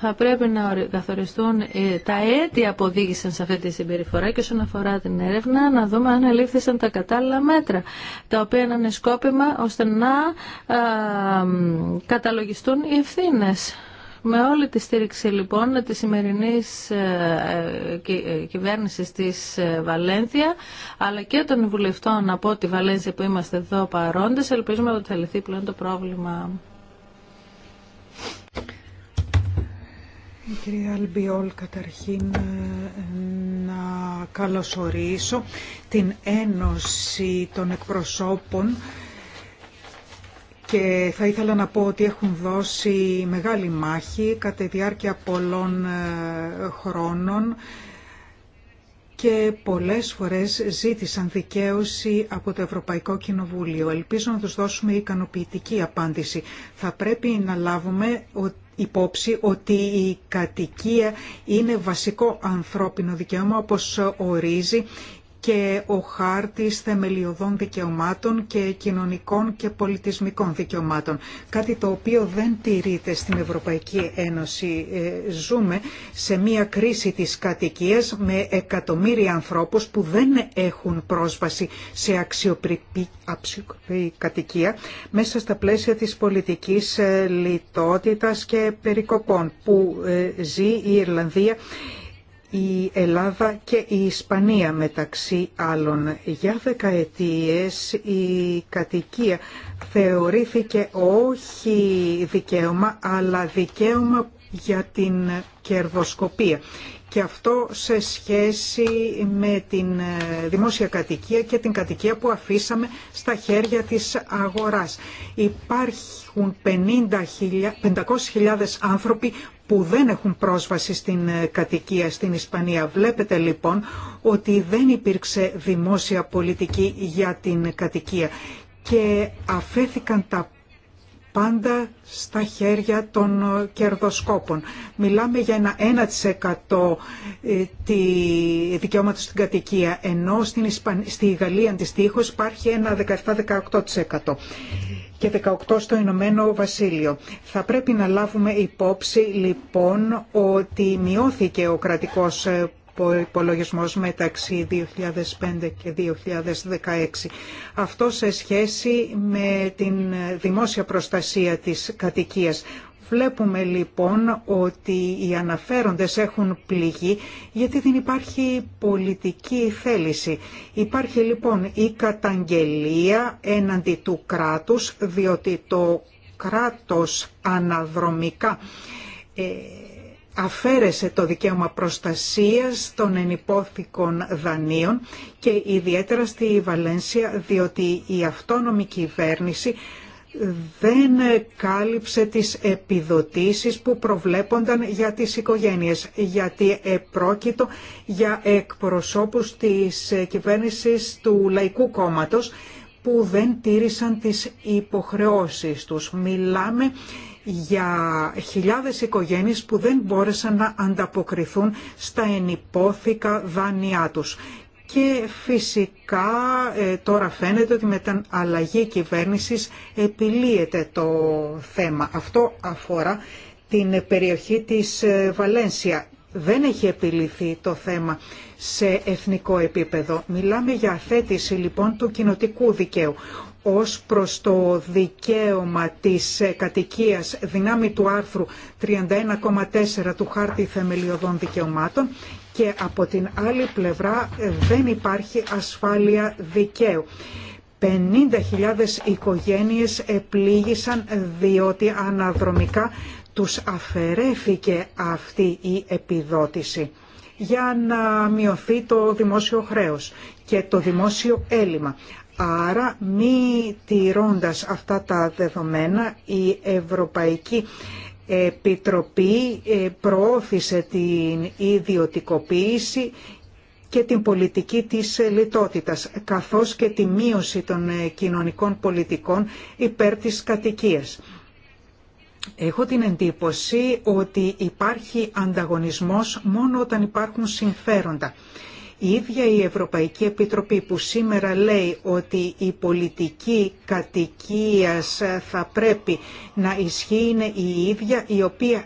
Speaker 1: Θα πρέπει να καθοριστούν ε, τα αίτια που οδήγησαν σε αυτή τη συμπεριφορά και όσον αφορά την έρευνα να δούμε αν ελήφθησαν τα κατάλληλα μέτρα τα οποία είναι σκόπιμα ώστε να καταλογιστούν οι ευθύνες. Με όλη τη στήριξη λοιπόν της σημερινής ε, ε, ε, κυβέρνησης της Βαλένθια αλλά και των βουλευτών από τη Βαλένθια που είμαστε εδώ παρόντες ελπίζουμε ότι θα
Speaker 2: λυθεί πλέον το πρόβλημα. Η κυρία Αλμπιόλ καταρχήν να καλωσορίσω την Ένωση των Εκπροσώπων και θα ήθελα να πω ότι έχουν δώσει μεγάλη μάχη κατά τη διάρκεια πολλών ε, χρόνων και πολλές φορές ζήτησαν δικαίωση από το Ευρωπαϊκό Κοινοβούλιο. Ελπίζω να τους δώσουμε ικανοποιητική απάντηση. Θα πρέπει να λάβουμε υπόψη ότι η κατοικία είναι βασικό ανθρώπινο δικαίωμα όπως ορίζει και ο χάρτης θεμελιωδών δικαιωμάτων και κοινωνικών και πολιτισμικών δικαιωμάτων. Κάτι το οποίο δεν τηρείται στην Ευρωπαϊκή Ένωση. Ε, ζούμε σε μία κρίση της κατοικίας με εκατομμύρια ανθρώπους που δεν έχουν πρόσβαση σε αξιοπρεπή κατοικία μέσα στα πλαίσια της πολιτικής ε, λιτότητας και περικοπών που ε, ζει η Ιρλανδία η Ελλάδα και η Ισπανία μεταξύ άλλων. Για δεκαετίες η κατοικία θεωρήθηκε όχι δικαίωμα αλλά δικαίωμα για την κερδοσκοπία και αυτό σε σχέση με την ε, δημόσια κατοικία και την κατοικία που αφήσαμε στα χέρια της αγοράς. Υπάρχουν 500.000 άνθρωποι που δεν έχουν πρόσβαση στην ε, κατοικία στην Ισπανία. Βλέπετε λοιπόν ότι δεν υπήρξε δημόσια πολιτική για την κατοικία και αφέθηκαν τα πάντα στα χέρια των ε, κερδοσκόπων. Μιλάμε για ένα 1% ε, τη δικαιώματος στην κατοικία, ενώ στην Ισπαν... στη γαλλια αντιστοιχω αντιστοίχως υπάρχει ένα 17-18% και 18% στο Ηνωμένο Βασίλειο. Θα πρέπει να λάβουμε υπόψη λοιπόν ότι μειώθηκε ο κρατικός ε, υπολογισμό μεταξύ 2005 και 2016. Αυτό σε σχέση με την δημόσια προστασία της κατοικίας. Βλέπουμε λοιπόν ότι οι αναφέροντες έχουν πληγεί γιατί δεν υπάρχει πολιτική θέληση. Υπάρχει λοιπόν η καταγγελία έναντι του κράτους διότι το κράτος αναδρομικά ε, αφαίρεσε το δικαίωμα προστασίας των ενυπόθηκων δανείων και ιδιαίτερα στη Βαλένσια διότι η αυτόνομη κυβέρνηση δεν κάλυψε τις επιδοτήσεις που προβλέπονταν για τις οικογένειες, γιατί επρόκειτο για εκπροσώπους της κυβέρνησης του Λαϊκού Κόμματος που δεν τήρησαν τις υποχρεώσεις τους. Μιλάμε για χιλιάδες οικογένειες που δεν μπόρεσαν να ανταποκριθούν στα ενυπόθηκα δάνειά τους. Και φυσικά ε, τώρα φαίνεται ότι με την αλλαγή κυβέρνησης επιλύεται το θέμα. Αυτό αφορά την περιοχή της ε, Βαλένσια. Δεν έχει επιληθεί το θέμα σε εθνικό επίπεδο. Μιλάμε για θέτηση λοιπόν του κοινοτικού δικαίου ως προς το δικαίωμα της ε, κατοικίας δυνάμει του άρθρου 31,4 του Χάρτη Θεμελιωδών Δικαιωμάτων και από την άλλη πλευρά ε, δεν υπάρχει ασφάλεια δικαίου. 50.000 οικογένειες επλήγησαν διότι αναδρομικά τους αφαιρέθηκε αυτή η επιδότηση για να μειωθεί το δημόσιο χρέος και το δημόσιο έλλειμμα. Άρα, μη τηρώντας αυτά τα δεδομένα, η Ευρωπαϊκή Επιτροπή ε, προώθησε την ιδιωτικοποίηση και την πολιτική της λιτότητας, καθώς και τη μείωση των ε, κοινωνικών πολιτικών υπέρ της κατοικίας. Έχω την εντύπωση ότι υπάρχει ανταγωνισμός μόνο όταν υπάρχουν συμφέροντα η ίδια η Ευρωπαϊκή Επιτροπή που σήμερα λέει ότι η πολιτική κατοικίας θα πρέπει να ισχύει είναι η ίδια η οποία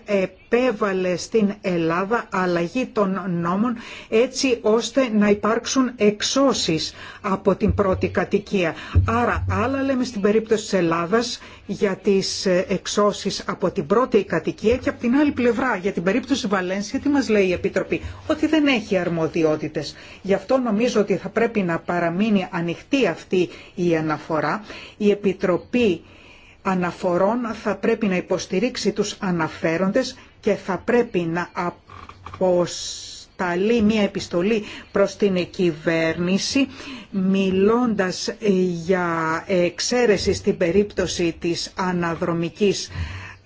Speaker 2: επέβαλε στην Ελλάδα αλλαγή των νόμων έτσι ώστε να υπάρξουν εξώσεις από την πρώτη κατοικία. Άρα άλλα λέμε στην περίπτωση της Ελλάδας για τις ε, εξώσεις από την πρώτη κατοικία και από την άλλη πλευρά για την περίπτωση Βαλένσια τι μας λέει η Επιτροπή ότι δεν έχει αρμοδιότητες. Γι' αυτό νομίζω ότι θα πρέπει να παραμείνει ανοιχτή αυτή η αναφορά. Η Επιτροπή αναφορών θα πρέπει να υποστηρίξει τους αναφέροντες και θα πρέπει να αποσταλεί μια επιστολή προς την κυβέρνηση μιλώντας ε, για εξαίρεση στην περίπτωση της αναδρομικής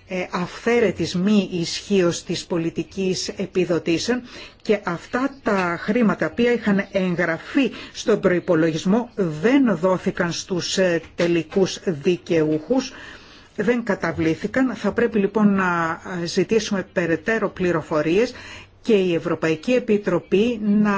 Speaker 2: ε, αυθαίρετης μη ισχύω της πολιτικής επιδοτήσεων και αυτά τα χρήματα που είχαν εγγραφεί στον προϋπολογισμό δεν δόθηκαν στους ε, τελικούς δικαιούχους δεν καταβλήθηκαν. Θα πρέπει λοιπόν να ζητήσουμε περαιτέρω πληροφορίες και η Ευρωπαϊκή Επιτροπή να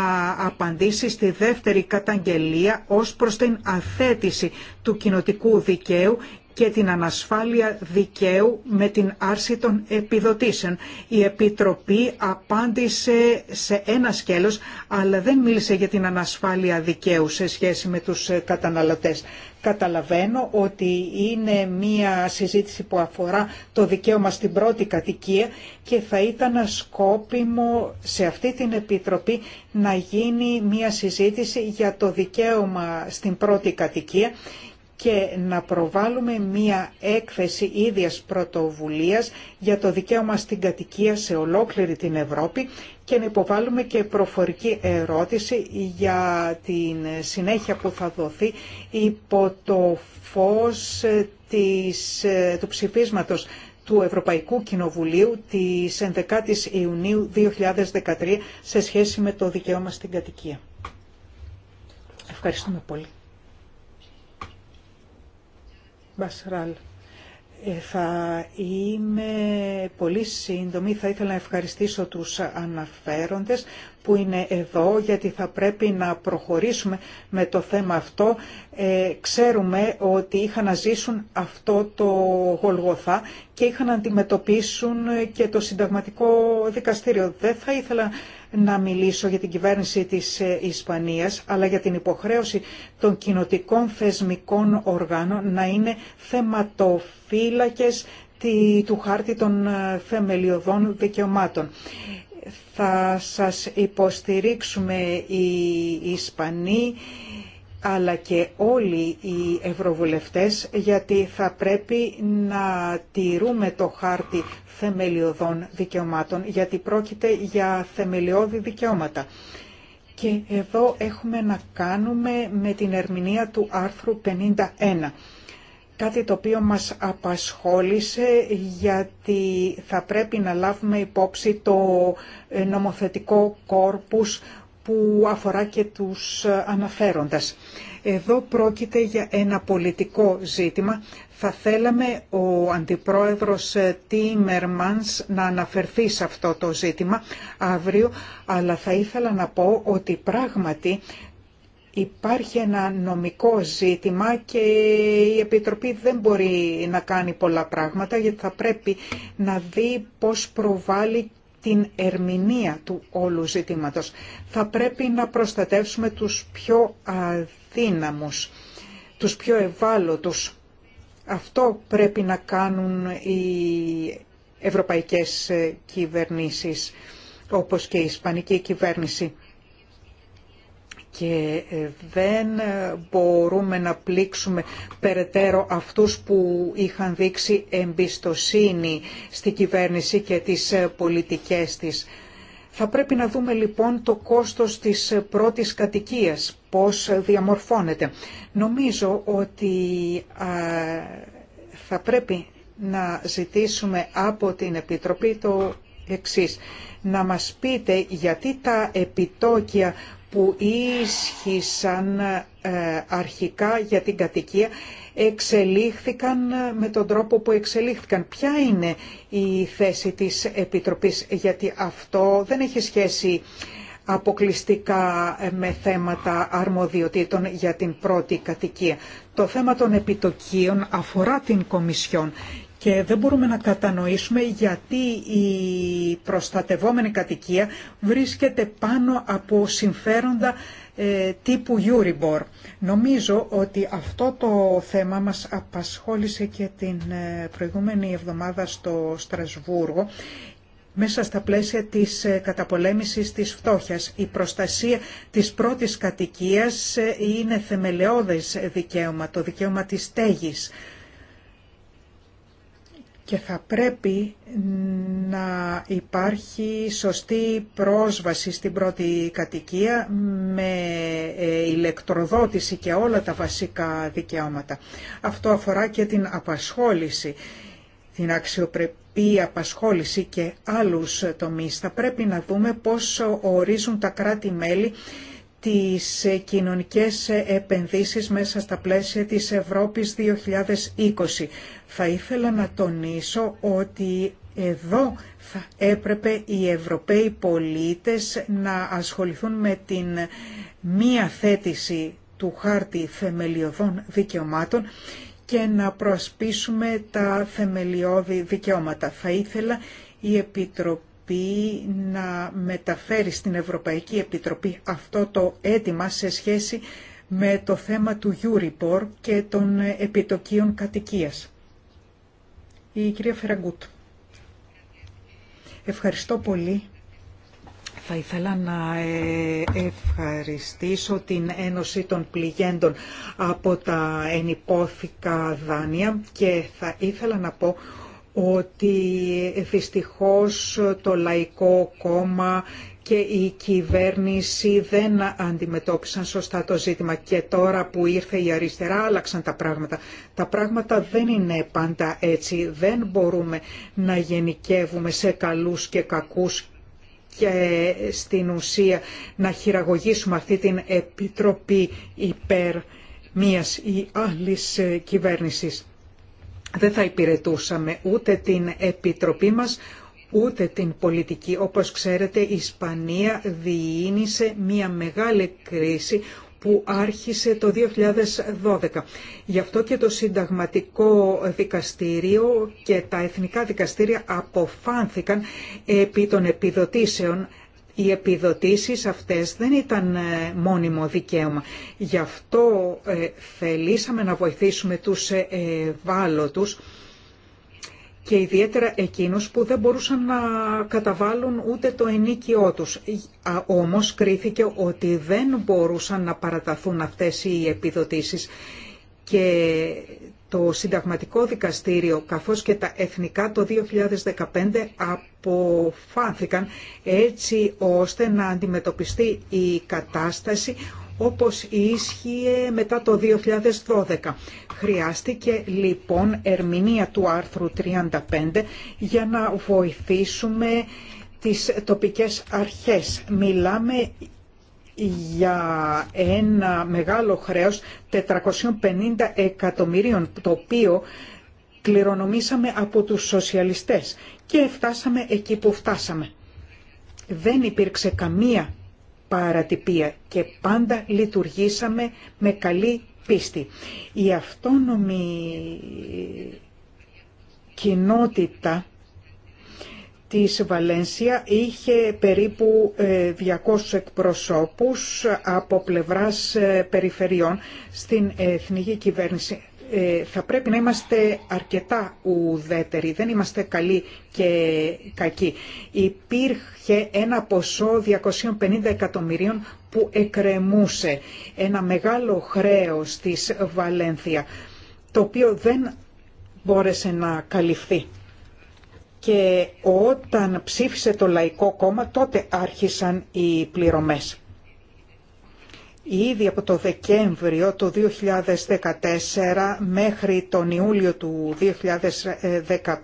Speaker 2: απαντήσει στη δεύτερη καταγγελία ως προς την αθέτηση του κοινοτικού δικαίου και την ανασφάλεια δικαίου με την άρση των επιδοτήσεων. Η Επιτροπή απάντησε σε ένα σκέλος, αλλά δεν μίλησε για την ανασφάλεια δικαίου σε σχέση με τους καταναλωτές. Καταλαβαίνω ότι είναι μία συζήτηση που αφορά το δικαίωμα στην πρώτη κατοικία και θα ήταν σκόπιμο σε αυτή την Επιτροπή να γίνει μία συζήτηση για το δικαίωμα στην πρώτη κατοικία και να προβάλλουμε μία έκθεση ίδιας πρωτοβουλίας για το δικαίωμα στην κατοικία σε ολόκληρη την Ευρώπη και να υποβάλουμε και προφορική ερώτηση για την συνέχεια που θα δοθεί υπό το φως της, του ψηφίσματος του Ευρωπαϊκού Κοινοβουλίου της 11ης Ιουνίου 2013 σε σχέση με το δικαίωμα στην κατοικία. Ευχαριστούμε πολύ. Ε, θα είμαι πολύ σύντομη. Θα ήθελα να ευχαριστήσω τους αναφέροντες που είναι εδώ γιατί θα πρέπει να προχωρήσουμε με το θέμα αυτό. Ε, ξέρουμε ότι είχαν να ζήσουν αυτό το γολγοθά και είχαν να αντιμετωπίσουν και το συνταγματικό δικαστήριο. Δεν θα ήθελα να μιλήσω για την κυβέρνηση της ε, Ισπανίας, αλλά για την υποχρέωση των κοινοτικών θεσμικών οργάνων να είναι θεματοφύλακες του χάρτη των ε, θεμελιωδών δικαιωμάτων. Θα σας υποστηρίξουμε οι Ισπανοί, αλλά και όλοι οι ευρωβουλευτές γιατί θα πρέπει να τηρούμε το χάρτη θεμελιωδών δικαιωμάτων γιατί πρόκειται για θεμελιώδη δικαιώματα. Και εδώ έχουμε να κάνουμε με την ερμηνεία του άρθρου 51 κάτι το οποίο μας απασχόλησε γιατί θα πρέπει να λάβουμε υπόψη το νομοθετικό κόρπους που αφορά και τους αναφέροντας. Εδώ πρόκειται για ένα πολιτικό ζήτημα. Θα θέλαμε ο Αντιπρόεδρος Τίμερμανς να αναφερθεί σε αυτό το ζήτημα αύριο, αλλά θα ήθελα να πω ότι πράγματι υπάρχει ένα νομικό ζήτημα και η Επιτροπή δεν μπορεί να κάνει πολλά πράγματα γιατί θα πρέπει να δει πώς προβάλλει την ερμηνεία του όλου ζητήματος. Θα πρέπει να προστατεύσουμε τους πιο αδύναμους, τους πιο ευάλωτους. Αυτό πρέπει να κάνουν οι ευρωπαϊκές κυβερνήσεις, όπως και η ισπανική κυβέρνηση και ε, δεν μπορούμε να πλήξουμε περαιτέρω αυτούς που είχαν δείξει εμπιστοσύνη στη κυβέρνηση και τις ε, πολιτικές της. Θα πρέπει να δούμε λοιπόν το κόστος της ε, πρώτης κατοικίας, πώς διαμορφώνεται. Νομίζω ότι θα πρέπει να ζητήσουμε από την Επιτροπή το εξής. Να μας πείτε γιατί τα επιτόκια που ίσχυσαν ε, αρχικά για την κατοικία εξελίχθηκαν ε, με τον τρόπο που εξελίχθηκαν. Ποια είναι η θέση της Επιτροπής, γιατί αυτό δεν έχει σχέση αποκλειστικά ε, με θέματα αρμοδιοτήτων για την πρώτη κατοικία. Το θέμα των επιτοκίων αφορά την Κομισιόν και δεν μπορούμε να κατανοήσουμε γιατί η προστατευόμενη κατοικία βρίσκεται πάνω από συμφέροντα ε, τύπου Euribor. Νομίζω ότι αυτό το θέμα μας απασχόλησε και την ε, προηγούμενη εβδομάδα στο Στρασβούργο μέσα στα πλαίσια της ε, καταπολέμησης της φτώχειας. Η προστασία της πρώτης κατοικίας είναι θεμελιώδες δικαίωμα, το δικαίωμα της στέγης και θα πρέπει να υπάρχει σωστή πρόσβαση στην πρώτη κατοικία με ε, ηλεκτροδότηση και όλα τα βασικά δικαιώματα. Αυτό αφορά και την απασχόληση, την αξιοπρεπή απασχόληση και άλλους τομείς. Θα πρέπει να δούμε πώς ορίζουν τα κράτη-μέλη τις κοινωνικές επενδύσεις μέσα στα πλαίσια της Ευρώπης 2020. Θα ήθελα να τονίσω ότι εδώ θα έπρεπε οι Ευρωπαίοι πολίτες να ασχοληθούν με την μία θέτηση του χάρτη θεμελιωδών δικαιωμάτων και να προασπίσουμε τα θεμελιώδη δικαιώματα. Θα ήθελα η Επιτροπή να μεταφέρει στην Ευρωπαϊκή Επιτροπή αυτό το αίτημα σε σχέση με το θέμα του Euribor και των επιτοκίων κατοικίας. Η κυρία Φεραγκούτ. Ευχαριστώ πολύ. Θα ήθελα να ε, ευχαριστήσω την Ένωση των Πληγέντων από τα ενυπόθηκα δάνεια και θα ήθελα να πω ότι δυστυχώς το Λαϊκό Κόμμα και η κυβέρνηση δεν αντιμετώπισαν σωστά το ζήτημα και τώρα που ήρθε η αριστερά άλλαξαν τα πράγματα. Τα πράγματα δεν είναι πάντα έτσι. Δεν μπορούμε να γενικεύουμε σε καλούς και κακούς και στην ουσία να χειραγωγήσουμε αυτή την επιτροπή υπέρ μίας ή άλλης κυβέρνησης δεν θα υπηρετούσαμε ούτε την Επιτροπή μας, ούτε την πολιτική. Όπως ξέρετε, η Ισπανία διήνυσε μια μεγάλη κρίση που άρχισε το 2012. Γι' αυτό και το συνταγματικό δικαστήριο και τα εθνικά δικαστήρια αποφάνθηκαν επί των επιδοτήσεων οι επιδοτήσεις αυτές δεν ήταν ε, μόνιμο δικαίωμα. Γι' αυτό ε, θελήσαμε να βοηθήσουμε τους ε, ευάλωτους και ιδιαίτερα εκείνους που δεν μπορούσαν να καταβάλουν ούτε το ενίκιό τους. Όμως κρίθηκε ότι δεν μπορούσαν να παραταθούν αυτές οι επιδοτήσεις και το Συνταγματικό Δικαστήριο καθώς και τα εθνικά το 2015 αποφάνθηκαν έτσι ώστε να αντιμετωπιστεί η κατάσταση όπως ίσχυε μετά το 2012. Χρειάστηκε λοιπόν ερμηνεία του άρθρου 35 για να βοηθήσουμε τις τοπικές αρχές. Μιλάμε για ένα μεγάλο χρέος 450 εκατομμυρίων, το οποίο κληρονομήσαμε από τους σοσιαλιστές και φτάσαμε εκεί που φτάσαμε. Δεν υπήρξε καμία παρατυπία και πάντα λειτουργήσαμε με καλή πίστη. Η αυτόνομη κοινότητα της Βαλένσια είχε περίπου 200 ε, εκπροσώπους από πλευράς ε, περιφερειών στην εθνική κυβέρνηση. Ε, θα πρέπει να είμαστε αρκετά ουδέτεροι, δεν είμαστε καλοί και κακοί. Υπήρχε ένα ποσό 250 εκατομμυρίων που εκρεμούσε ένα μεγάλο χρέος της Βαλένθια, το οποίο δεν μπόρεσε να καλυφθεί και όταν ψήφισε το Λαϊκό Κόμμα τότε άρχισαν οι πληρωμές. Ήδη από το Δεκέμβριο του 2014 μέχρι τον Ιούλιο του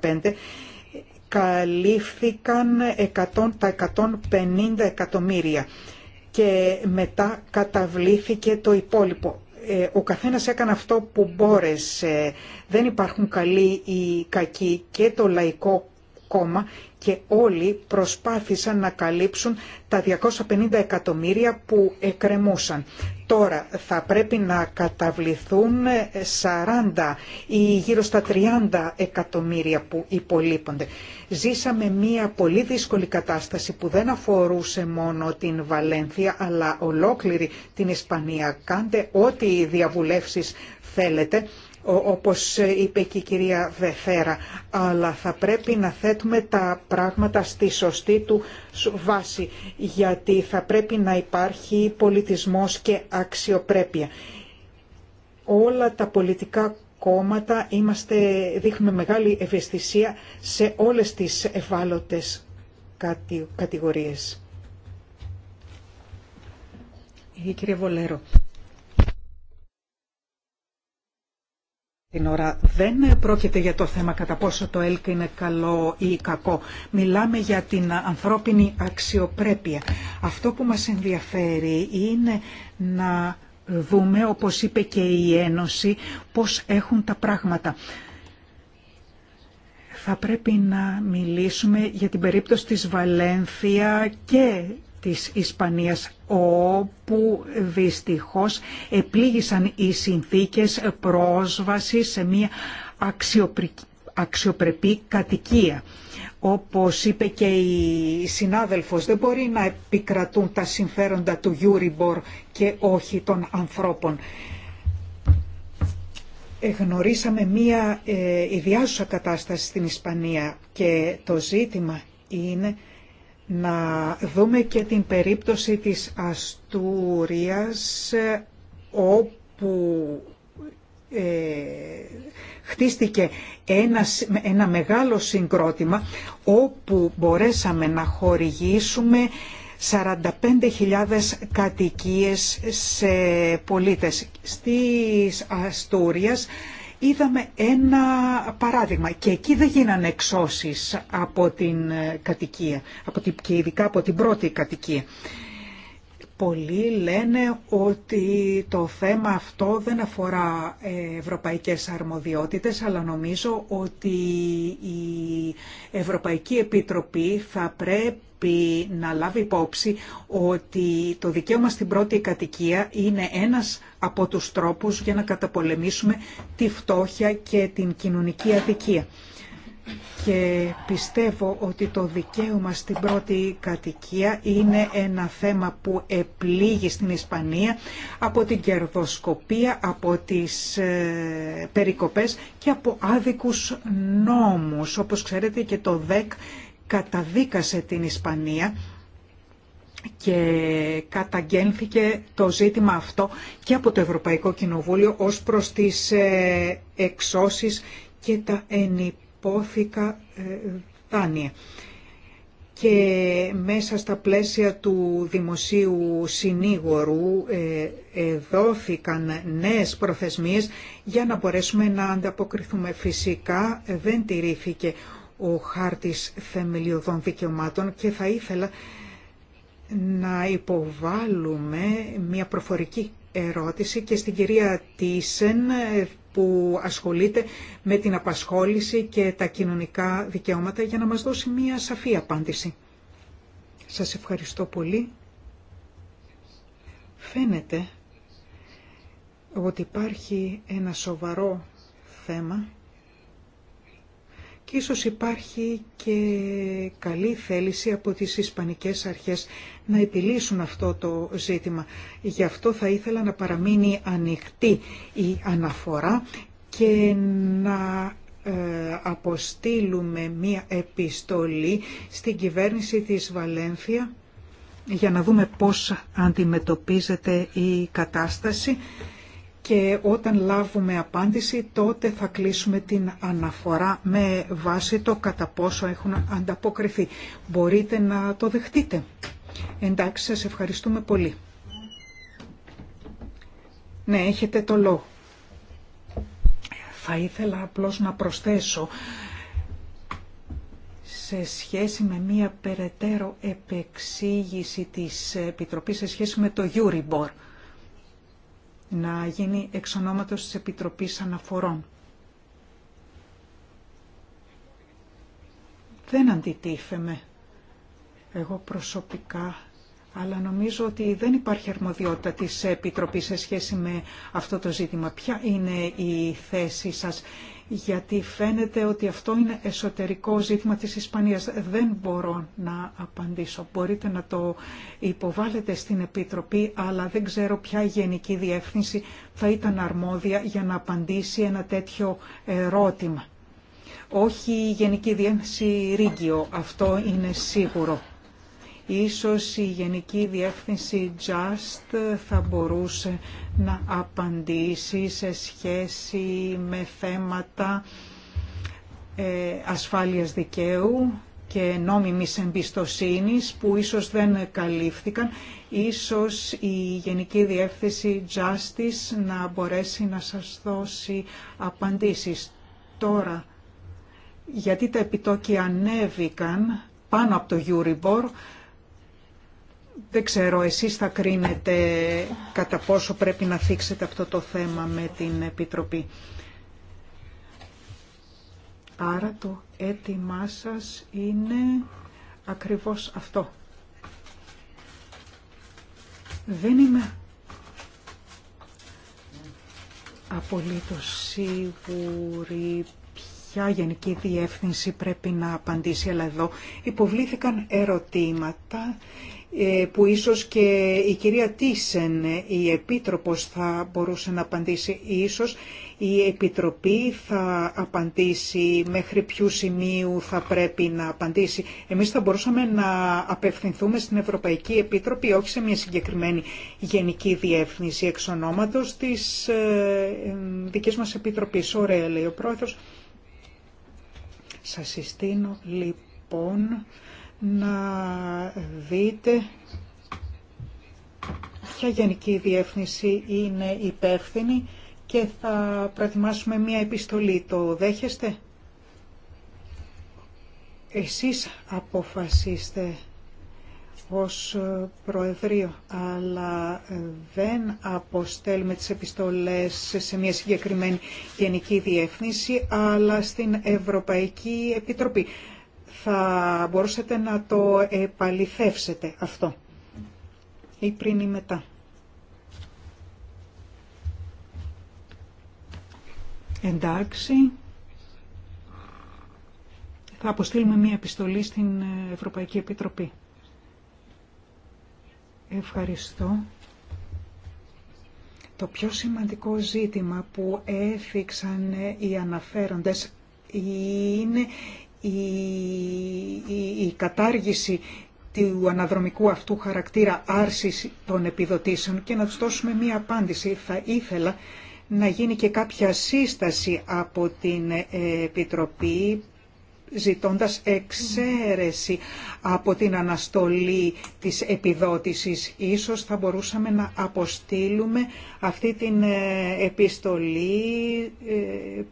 Speaker 2: 2015 καλύφθηκαν 100, τα 150 εκατομμύρια και μετά καταβλήθηκε το υπόλοιπο. Ε, ο καθένας έκανε αυτό που μπόρεσε. Δεν υπάρχουν καλοί ή κακοί και το Λαϊκό κόμμα και όλοι προσπάθησαν να καλύψουν τα 250 εκατομμύρια που εκκρεμούσαν. Τώρα θα πρέπει να καταβληθούν 40 ή γύρω στα 30 εκατομμύρια που υπολείπονται. Ζήσαμε μία πολύ δύσκολη κατάσταση που δεν αφορούσε μόνο την Βαλένθια αλλά ολόκληρη την Ισπανία. Κάντε ό,τι διαβουλεύσεις θέλετε όπως είπε και η κυρία Βεφέρα, αλλά θα πρέπει να θέτουμε τα πράγματα στη σωστή του βάση, γιατί θα πρέπει να υπάρχει πολιτισμός και αξιοπρέπεια. Όλα τα πολιτικά κόμματα είμαστε, δείχνουμε μεγάλη ευαισθησία σε όλες τις ευάλωτες κατηγορίες. Η κυρία Βολέρο. την ώρα. Δεν πρόκειται για το θέμα κατά πόσο το ΕΛΚ είναι καλό ή κακό. Μιλάμε για την ανθρώπινη αξιοπρέπεια. Αυτό που μας ενδιαφέρει είναι να δούμε, όπως είπε και η Ένωση, πώς έχουν τα πράγματα. Θα πρέπει να μιλήσουμε για την περίπτωση της Βαλένθια και της Ισπανίας, όπου δυστυχώς επλήγησαν οι συνθήκες πρόσβασης σε μια αξιοπρεπή κατοικία. Όπως είπε και η συνάδελφος, δεν μπορεί να επικρατούν τα συμφέροντα του Γιούριμπορ και όχι των ανθρώπων. Ε, γνωρίσαμε μία ε, ιδιάζουσα κατάσταση στην Ισπανία και το ζήτημα είναι να δούμε και την περίπτωση της Αστούριας όπου ε, χτίστηκε ένα, ένα μεγάλο συγκρότημα όπου μπορέσαμε να χορηγήσουμε 45.000 κατοικίες σε πολίτες. Στις Αστούριας είδαμε ένα παράδειγμα και εκεί δεν γίνανε εξώσεις από την ε, κατοικία από την, και ειδικά από την πρώτη κατοικία. Πολλοί λένε ότι το θέμα αυτό δεν αφορά ε, ευρωπαϊκές αρμοδιότητες, αλλά νομίζω ότι η Ευρωπαϊκή Επιτροπή θα πρέπει να λάβει υπόψη ότι το δικαίωμα στην πρώτη κατοικία είναι ένας από τους τρόπους για να καταπολεμήσουμε τη φτώχεια και την κοινωνική αδικία. Και πιστεύω ότι το δικαίωμα στην πρώτη κατοικία είναι ένα θέμα που επλήγει στην Ισπανία από την κερδοσκοπία, από τις ε, περικοπές και από άδικους νόμους. Όπως ξέρετε και το ΔΕΚ καταδίκασε την Ισπανία και καταγγέλθηκε το ζήτημα αυτό και από το Ευρωπαϊκό Κοινοβούλιο ως προς τις ε, εξώσεις και τα ενυπόθηκα ε, δάνεια. Και μέσα στα πλαίσια του δημοσίου συνήγορου ε, δόθηκαν νέες προθεσμίες για να μπορέσουμε να ανταποκριθούμε. Φυσικά δεν τηρήθηκε ο χάρτης θεμελιωδών δικαιωμάτων και θα ήθελα να υποβάλουμε μια προφορική ερώτηση και στην κυρία Τίσεν που ασχολείται με την απασχόληση και τα κοινωνικά δικαιώματα για να μας δώσει μια σαφή απάντηση. Σας ευχαριστώ πολύ. Φαίνεται ότι υπάρχει ένα σοβαρό θέμα και ίσως υπάρχει και καλή θέληση από τις Ισπανικές αρχές να επιλύσουν αυτό το ζήτημα. Γι' αυτό θα ήθελα να παραμείνει ανοιχτή η αναφορά και να ε, αποστείλουμε μία επιστολή στην κυβέρνηση της Βαλένθια για να δούμε πώς αντιμετωπίζεται η κατάσταση και όταν λάβουμε απάντηση τότε θα κλείσουμε την αναφορά με βάση το κατά πόσο έχουν ανταποκριθεί. Μπορείτε να το δεχτείτε. Εντάξει, σας ευχαριστούμε πολύ. Ναι, έχετε το λόγο. Θα ήθελα απλώς να προσθέσω σε σχέση με μία περαιτέρω επεξήγηση της Επιτροπής σε σχέση με το Euribor να γίνει εξ ονόματος της Επιτροπής Αναφορών. Δεν αντιτίθεμαι εγώ προσωπικά, αλλά νομίζω ότι δεν υπάρχει αρμοδιότητα της Επιτροπής σε σχέση με αυτό το ζήτημα. Ποια είναι η θέση σας γιατί φαίνεται ότι αυτό είναι εσωτερικό ζήτημα της Ισπανίας. Δεν μπορώ να απαντήσω. Μπορείτε να το υποβάλλετε στην Επιτροπή, αλλά δεν ξέρω ποια γενική διεύθυνση θα ήταν αρμόδια για να απαντήσει ένα τέτοιο ερώτημα. Όχι η Γενική Διεύθυνση Ρίγκιο, αυτό είναι σίγουρο. Ίσως η Γενική Διεύθυνση Just θα μπορούσε να απαντήσει σε σχέση με θέματα ε, ασφάλειας δικαίου και νόμιμης εμπιστοσύνης που ίσως δεν καλύφθηκαν. Ίσως η Γενική Διεύθυνση Justice να μπορέσει να σας δώσει απαντήσεις. Τώρα, γιατί τα επιτόκια ανέβηκαν πάνω από το Euribor, δεν ξέρω, εσείς θα κρίνετε κατά πόσο πρέπει να θίξετε αυτό το θέμα με την Επιτροπή. Άρα το αίτημά σας είναι ακριβώς αυτό. Δεν είμαι απολύτως σίγουρη ποια γενική διεύθυνση πρέπει να απαντήσει, αλλά εδώ υποβλήθηκαν ερωτήματα ε, που ίσως και η κυρία Τίσεν, ε, η Επίτροπος, θα μπορούσε να απαντήσει. Ίσως η Επιτροπή θα απαντήσει μέχρι ποιου σημείου θα πρέπει να απαντήσει. Εμείς θα μπορούσαμε να απευθυνθούμε στην Ευρωπαϊκή Επίτροπη, όχι σε μια συγκεκριμένη γενική διεύθυνση εξ ονόματος της ε, δικής μας Επιτροπής. Ωραία, λέει ο Πρόεδρος. Σας συστήνω λοιπόν να δείτε ποια γενική διεύθυνση είναι υπεύθυνη και θα προετοιμάσουμε μία επιστολή. Το δέχεστε? Εσείς αποφασίστε ως Προεδρείο, αλλά δεν αποστέλουμε τις επιστολές σε μια συγκεκριμένη γενική διεύθυνση, αλλά στην Ευρωπαϊκή Επιτροπή θα μπορούσατε να το επαληθεύσετε αυτό ή πριν ή μετά. Εντάξει. Θα αποστείλουμε μία επιστολή στην Ευρωπαϊκή Επιτροπή. Ευχαριστώ. Το πιο σημαντικό ζήτημα που έφυξαν οι αναφέροντες είναι η, κατάργηση του αναδρομικού αυτού χαρακτήρα άρσης των επιδοτήσεων και να τους δώσουμε μία απάντηση. Θα ήθελα να γίνει και κάποια σύσταση από την ε, Επιτροπή ζητώντας εξαίρεση από την αναστολή της επιδότησης. Ίσως θα μπορούσαμε να αποστείλουμε αυτή την ε, επιστολή ε,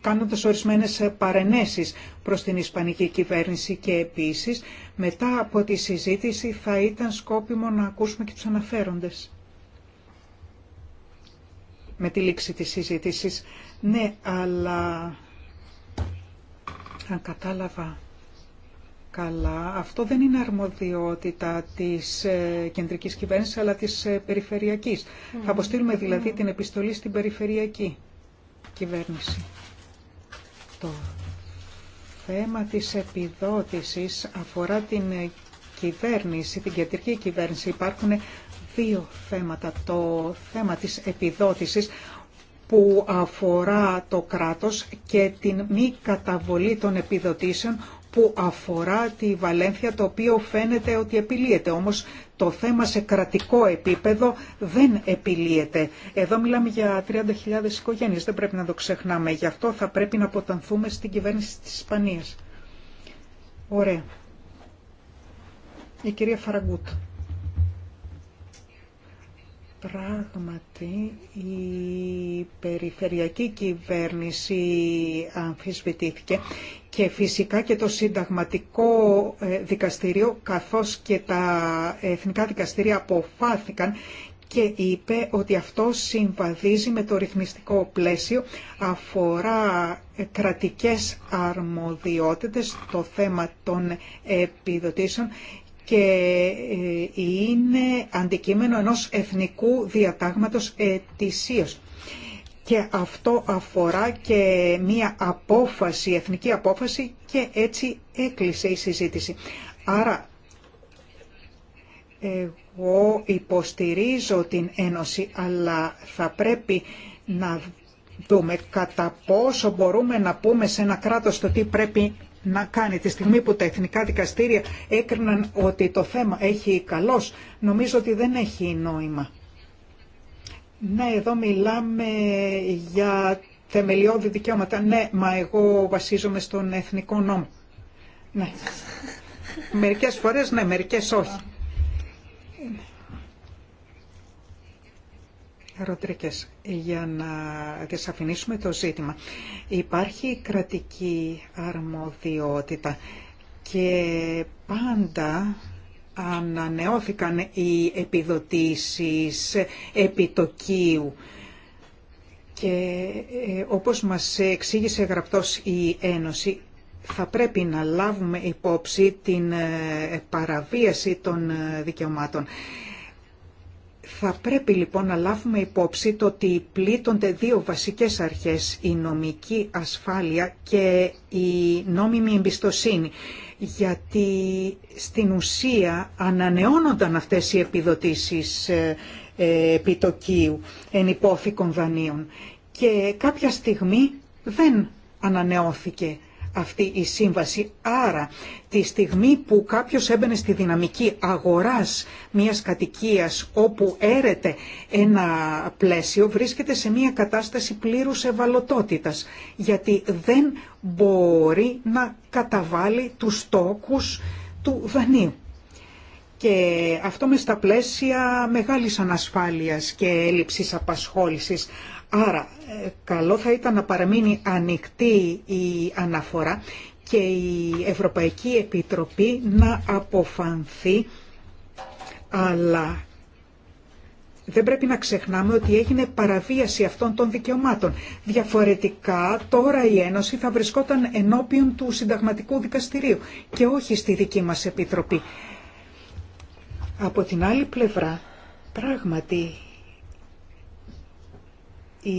Speaker 2: κάνοντας ορισμένες παρενέσεις προς την Ισπανική κυβέρνηση και επίσης μετά από τη συζήτηση θα ήταν σκόπιμο να ακούσουμε και τους αναφέροντες. Με τη λήξη της συζήτησης. Ναι, αλλά αν κατάλαβα καλά, αυτό δεν είναι αρμοδιότητα της ε, κεντρικής κυβέρνησης αλλά της ε, περιφερειακής. Θα αποστείλουμε δηλαδή την επιστολή στην περιφερειακή κυβέρνηση. Το θέμα της επιδότησης αφορά την κυβέρνηση, την κεντρική κυβέρνηση. Υπάρχουν δύο θέματα. Το θέμα της επιδότησης που αφορά το κράτος και την μη καταβολή των επιδοτήσεων που αφορά τη Βαλένθια το οποίο φαίνεται ότι επιλύεται. Όμως το θέμα σε κρατικό επίπεδο δεν επιλύεται. Εδώ μιλάμε για 30.000 οικογένειες, δεν πρέπει να το ξεχνάμε. Γι' αυτό θα πρέπει να αποτανθούμε στην κυβέρνηση της Ισπανίας. Ωραία. Η κυρία Φαραγκούτ. Πράγματι, η περιφερειακή κυβέρνηση αμφισβητήθηκε και φυσικά και το συνταγματικό ε, δικαστήριο καθώς και τα εθνικά δικαστήρια αποφάθηκαν και είπε ότι αυτό συμβαδίζει με το ρυθμιστικό πλαίσιο, αφορά ε, κρατικές αρμοδιότητες, το θέμα των επιδοτήσεων και ε, είναι αντικείμενο ενός εθνικού διατάγματος ετησίως. Και αυτό αφορά και μία απόφαση, εθνική απόφαση και έτσι έκλεισε η συζήτηση. Άρα εγώ υποστηρίζω την Ένωση αλλά θα πρέπει να δούμε κατά πόσο μπορούμε να πούμε σε ένα κράτος το τι πρέπει να κάνει. Τη στιγμή που τα εθνικά δικαστήρια έκριναν ότι το θέμα έχει καλός, νομίζω ότι δεν έχει νόημα. Ναι, εδώ μιλάμε για θεμελιώδη δικαιώματα. Ναι, μα εγώ βασίζομαι στον εθνικό νόμο. Ναι. Μερικές φορές ναι, μερικές όχι. Ροντρίκες, για να διασαφηνίσουμε το ζήτημα. Υπάρχει κρατική αρμοδιότητα και πάντα ανανεώθηκαν οι επιδοτήσεις επιτοκίου. Και ε, όπως μας εξήγησε γραπτός η Ένωση, θα πρέπει να λάβουμε υπόψη την ε, παραβίαση των ε, δικαιωμάτων. Θα πρέπει λοιπόν να λάβουμε υπόψη το ότι πλήττονται δύο βασικές αρχές, η νομική ασφάλεια και η νόμιμη εμπιστοσύνη, γιατί στην ουσία ανανεώνονταν αυτές οι επιδοτήσεις ε, ε, επιτοκίου υπόθηκων δανείων και κάποια στιγμή δεν ανανεώθηκε αυτή η σύμβαση. Άρα, τη στιγμή που κάποιος έμπαινε στη δυναμική αγοράς μιας κατοικίας όπου έρεται ένα πλαίσιο, βρίσκεται σε μια κατάσταση πλήρους ευαλωτότητας, γιατί δεν μπορεί να καταβάλει τους τόκους του δανείου. Και αυτό με στα πλαίσια μεγάλης ανασφάλειας και έλλειψης απασχόλησης. Άρα ε, καλό θα ήταν να παραμείνει ανοιχτή η αναφορά και η Ευρωπαϊκή Επιτροπή να αποφανθεί, αλλά δεν πρέπει να ξεχνάμε ότι έγινε παραβίαση αυτών των δικαιωμάτων. Διαφορετικά τώρα η Ένωση θα βρισκόταν ενώπιον του Συνταγματικού Δικαστηρίου και όχι στη δική μας Επιτροπή. Από την άλλη πλευρά, πράγματι η,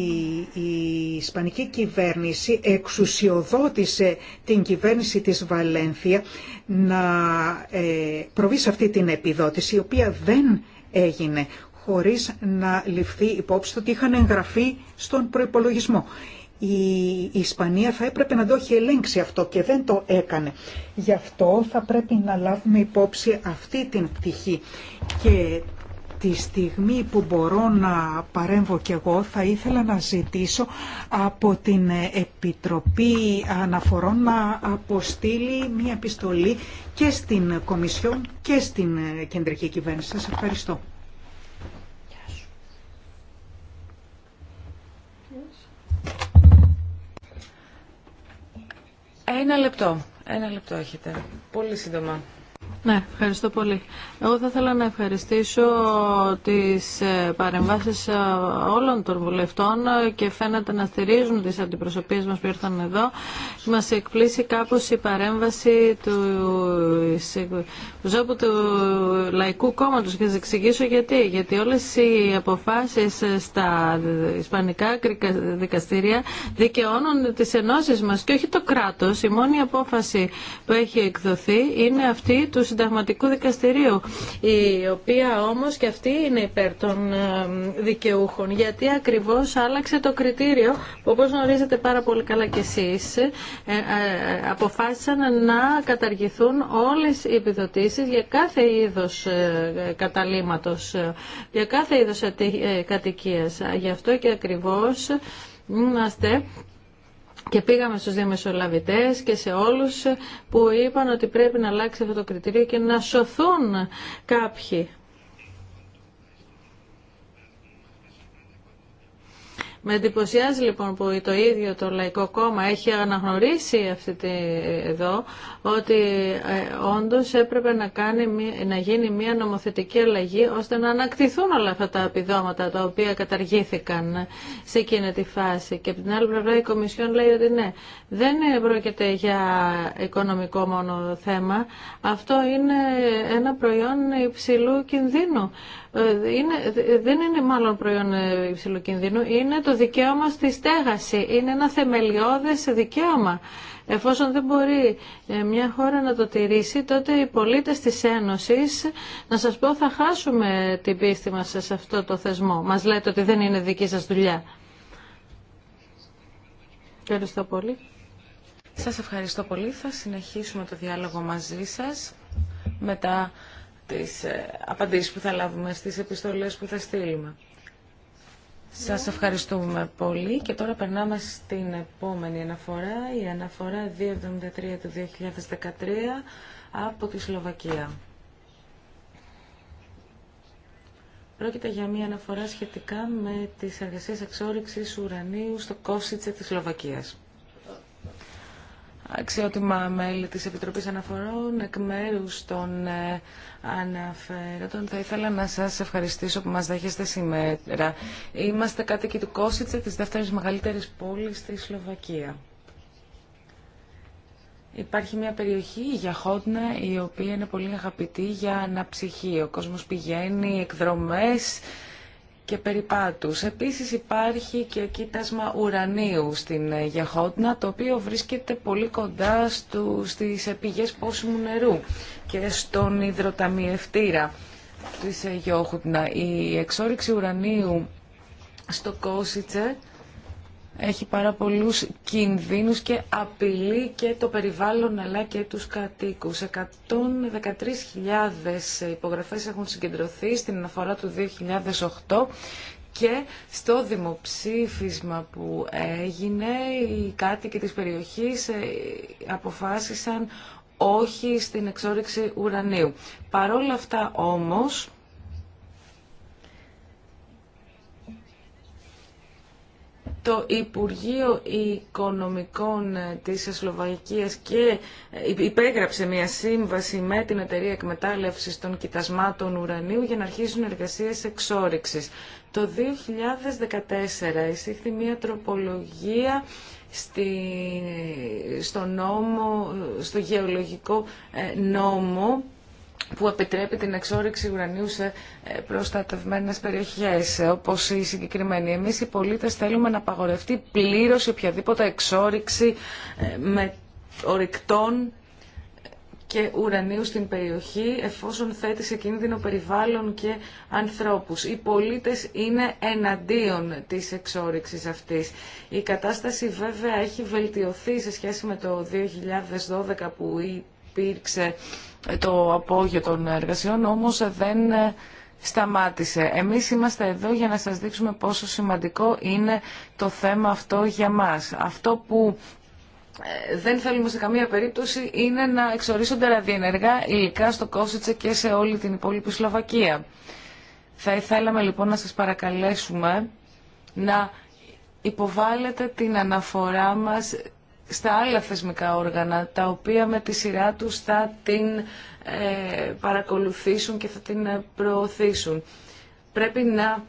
Speaker 2: Ισπανική κυβέρνηση εξουσιοδότησε την κυβέρνηση της Βαλένθια να ε, προβεί σε αυτή την επιδότηση, η οποία δεν έγινε χωρίς να ληφθεί υπόψη ότι είχαν εγγραφεί στον προϋπολογισμό. Η Ισπανία θα έπρεπε να το έχει ελέγξει αυτό και δεν το έκανε. Γι' αυτό θα πρέπει να λάβουμε υπόψη αυτή την πτυχή τη στιγμή που μπορώ να παρέμβω κι εγώ θα ήθελα να ζητήσω από την Επιτροπή Αναφορών να αποστείλει μια επιστολή και στην Κομισιόν και στην Κεντρική Κυβέρνηση. Σας ευχαριστώ.
Speaker 1: Ένα λεπτό. Ένα λεπτό έχετε. Πολύ σύντομα. Ναι, ευχαριστώ πολύ. Εγώ θα ήθελα να ευχαριστήσω τις ε, παρεμβάσεις ε, όλων των βουλευτών ε, και φαίνεται να στηρίζουν τις αντιπροσωπείες μας που ήρθαν εδώ. Μας εκπλήσει κάπως η παρέμβαση του Ζώπου του Λαϊκού Κόμματος και θα εξηγήσω γιατί. Γιατί όλες οι αποφάσεις στα ισπανικά δικαστήρια δικαιώνουν τις ενώσεις μας και όχι το κράτος. Η μόνη απόφαση που έχει εκδοθεί είναι αυτή του Συνταγματικού Δικαστηρίου, η οποία όμως και αυτή είναι υπέρ των ε, δικαιούχων, γιατί ακριβώς άλλαξε το κριτήριο που όπως γνωρίζετε πάρα πολύ καλά κι εσείς, ε, ε, αποφάσισαν να καταργηθούν όλες οι επιδοτήσεις για κάθε είδος καταλήματος, για κάθε είδος κατοικίας. Γι' αυτό και ακριβώς είμαστε και πήγαμε στους διαμεσολαβητές και σε όλους που είπαν ότι πρέπει να αλλάξει αυτό το κριτήριο και να σωθούν κάποιοι Με εντυπωσιάζει λοιπόν που το ίδιο το Λαϊκό Κόμμα έχει αναγνωρίσει αυτή τη, εδώ ότι ε, όντως έπρεπε να, κάνει, να γίνει μια νομοθετική αλλαγή ώστε να ανακτηθούν όλα αυτά τα επιδόματα τα οποία καταργήθηκαν σε εκείνη τη φάση. Και από την άλλη πλευρά η Κομισιόν λέει ότι ναι, δεν πρόκειται για οικονομικό μόνο θέμα. Αυτό είναι ένα προϊόν υψηλού κινδύνου. Ε, δεν είναι μάλλον προϊόν υψηλού κινδύνου, είναι το δικαίωμα στη στέγαση. Είναι ένα θεμελιώδες δικαίωμα. Εφόσον δεν μπορεί ε, μια χώρα να το τηρήσει, τότε οι πολίτες της Ένωσης, να σας πω, θα χάσουμε την πίστη μας σε αυτό το θεσμό. Μας λέτε ότι δεν είναι δική σας δουλειά. Ευχαριστώ πολύ.
Speaker 3: Σας ευχαριστώ πολύ. Θα συνεχίσουμε το διάλογο μαζί σας μετά τις ε, απαντήσεις που θα λάβουμε στις επιστολές που θα στείλουμε. Σας ευχαριστούμε πολύ και τώρα περνάμε στην επόμενη αναφορά, η αναφορά 273 του 2013 από τη Σλοβακία. Πρόκειται για μια αναφορά σχετικά με τις εργασίες εξόριξης ουρανίου στο Κόσιτσε της Σλοβακίας. Αξιότιμα μέλη της Επιτροπής Αναφορών, εκ μέρους των ε, αναφέρατων, θα ήθελα να σας ευχαριστήσω που μας δέχεστε σήμερα. Είμαστε κάτοικοι του Κόσιτσε, της δεύτερης μεγαλύτερης πόλης στη Σλοβακία. Υπάρχει μια περιοχή για Γιαχόντνα, η οποία είναι πολύ αγαπητή για αναψυχή. Ο κόσμος πηγαίνει, εκδρομές, και περιπάτους. Επίσης υπάρχει και κοίτασμα ουρανίου στην ε, Γιαχότνα, το οποίο βρίσκεται πολύ κοντά στου, στις επιγές πόσιμου νερού και στον υδροταμιευτήρα της ε, Γιόχουτνα. Η εξόριξη ουρανίου στο Κόσιτσε έχει πάρα πολλούς κινδύνους και απειλεί και το περιβάλλον αλλά και τους κατοίκους. 113.000 υπογραφές έχουν συγκεντρωθεί στην αναφορά του 2008 και στο δημοψήφισμα που έγινε οι κάτοικοι της περιοχής ε, αποφάσισαν όχι στην εξόριξη ουρανίου. Παρόλα αυτά όμως το Υπουργείο Οικονομικών της Σλοβακίας και ε, υπέγραψε μια σύμβαση με την Εταιρεία Εκμετάλλευσης των Κοιτασμάτων Ουρανίου για να αρχίσουν εργασίες εξόρυξης. Το 2014 εισήχθη μια τροπολογία στη, στο, νόμο, ε, στο γεωλογικό ε, νόμο που επιτρέπει την εξόρυξη ουρανίου σε ε, προστατευμένες περιοχές, όπως η συγκεκριμένη. Εμείς οι πολίτες θέλουμε να απαγορευτεί πλήρως οποιαδήποτε εξόρυξη ε, με ορυκτών ε, και ουρανίου στην περιοχή, εφόσον θέτει σε κίνδυνο περιβάλλον και ανθρώπου. Οι πολίτες είναι εναντίον της εξόρυξη αυτή. Η κατάσταση βέβαια έχει βελτιωθεί σε σχέση με το 2012 που υπήρξε το απόγειο των εργασιών, όμως δεν ε, σταμάτησε. Εμείς είμαστε εδώ για να σας δείξουμε πόσο σημαντικό είναι το θέμα αυτό για μας. Αυτό που ε, δεν θέλουμε σε καμία περίπτωση είναι να εξορίσονται ραδιενεργά υλικά στο Κόσιτσε και σε όλη την υπόλοιπη Σλοβακία. Θα ήθελαμε λοιπόν να σας παρακαλέσουμε να υποβάλλετε την αναφορά μας στα άλλα θεσμικά όργανα, τα οποία με τη σειρά τους θα την ε, παρακολουθήσουν και θα την ε, προωθήσουν. Πρέπει να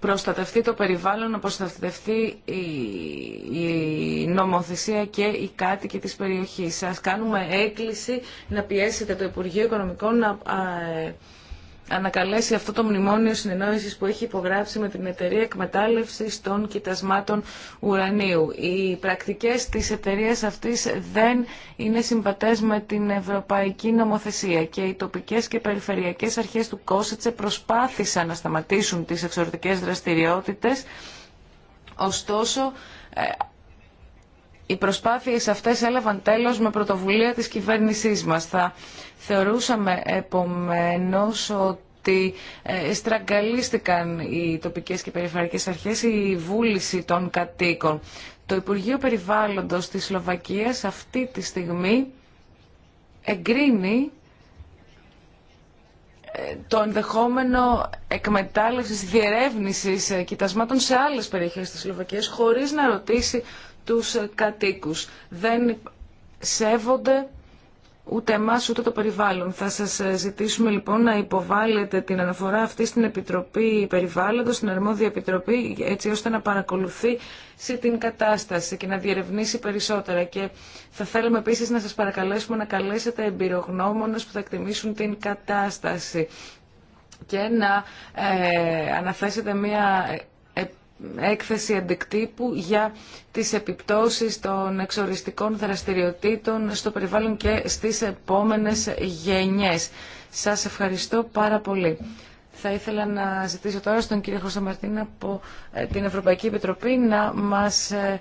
Speaker 3: προστατευτεί το περιβάλλον, να προστατευτεί η, νομοθεσία και οι κάτοικοι της περιοχής. Σας κάνουμε έκκληση να πιέσετε το Υπουργείο Οικονομικών να ε, ανακαλέσει αυτό το μνημόνιο συνεννόησης που έχει υπογράψει με την εταιρεία εκμετάλλευσης των κοιτασμάτων ουρανίου. Οι πρακτικές της εταιρείας αυτής δεν είναι συμβατές με την ευρωπαϊκή νομοθεσία και οι τοπικές και περιφερειακές αρχές του Κόσετσε προσπάθησαν να σταματήσουν τις εξορτικές δραστηριότητες, ωστόσο ε, οι προσπάθειες αυτές έλαβαν τέλος με πρωτοβουλία της κυβέρνησής μας. Θα θεωρούσαμε επομένως ότι ε, στραγγαλίστηκαν οι τοπικές και περιφερειακές αρχές η βούληση των κατοίκων. Το Υπουργείο Περιβάλλοντος της Σλοβακίας αυτή τη στιγμή εγκρίνει ε, το ενδεχόμενο εκμετάλλευσης, διερεύνησης ε, κοιτασμάτων σε άλλες περιοχές της Σλοβακίας χωρίς να ρωτήσει τους κατοίκους. Δεν σέβονται ούτε εμά ούτε το περιβάλλον. Θα σας ζητήσουμε λοιπόν να υποβάλλετε την αναφορά αυτή στην Επιτροπή Περιβάλλοντος, στην Αρμόδια Επιτροπή, έτσι ώστε να παρακολουθεί σε την κατάσταση και να διερευνήσει περισσότερα. Και θα θέλουμε επίσης να σας παρακαλέσουμε να καλέσετε εμπειρογνώμονες που θα εκτιμήσουν την κατάσταση και να ε, αναθέσετε μία έκθεση αντικτύπου για τις επιπτώσεις των εξοριστικών δραστηριοτήτων στο περιβάλλον και στις επόμενες γενιές. Σας ευχαριστώ πάρα πολύ. Θα ήθελα να ζητήσω τώρα στον κύριο Μαρτίνα από ε, την Ευρωπαϊκή Επιτροπή να μας ε,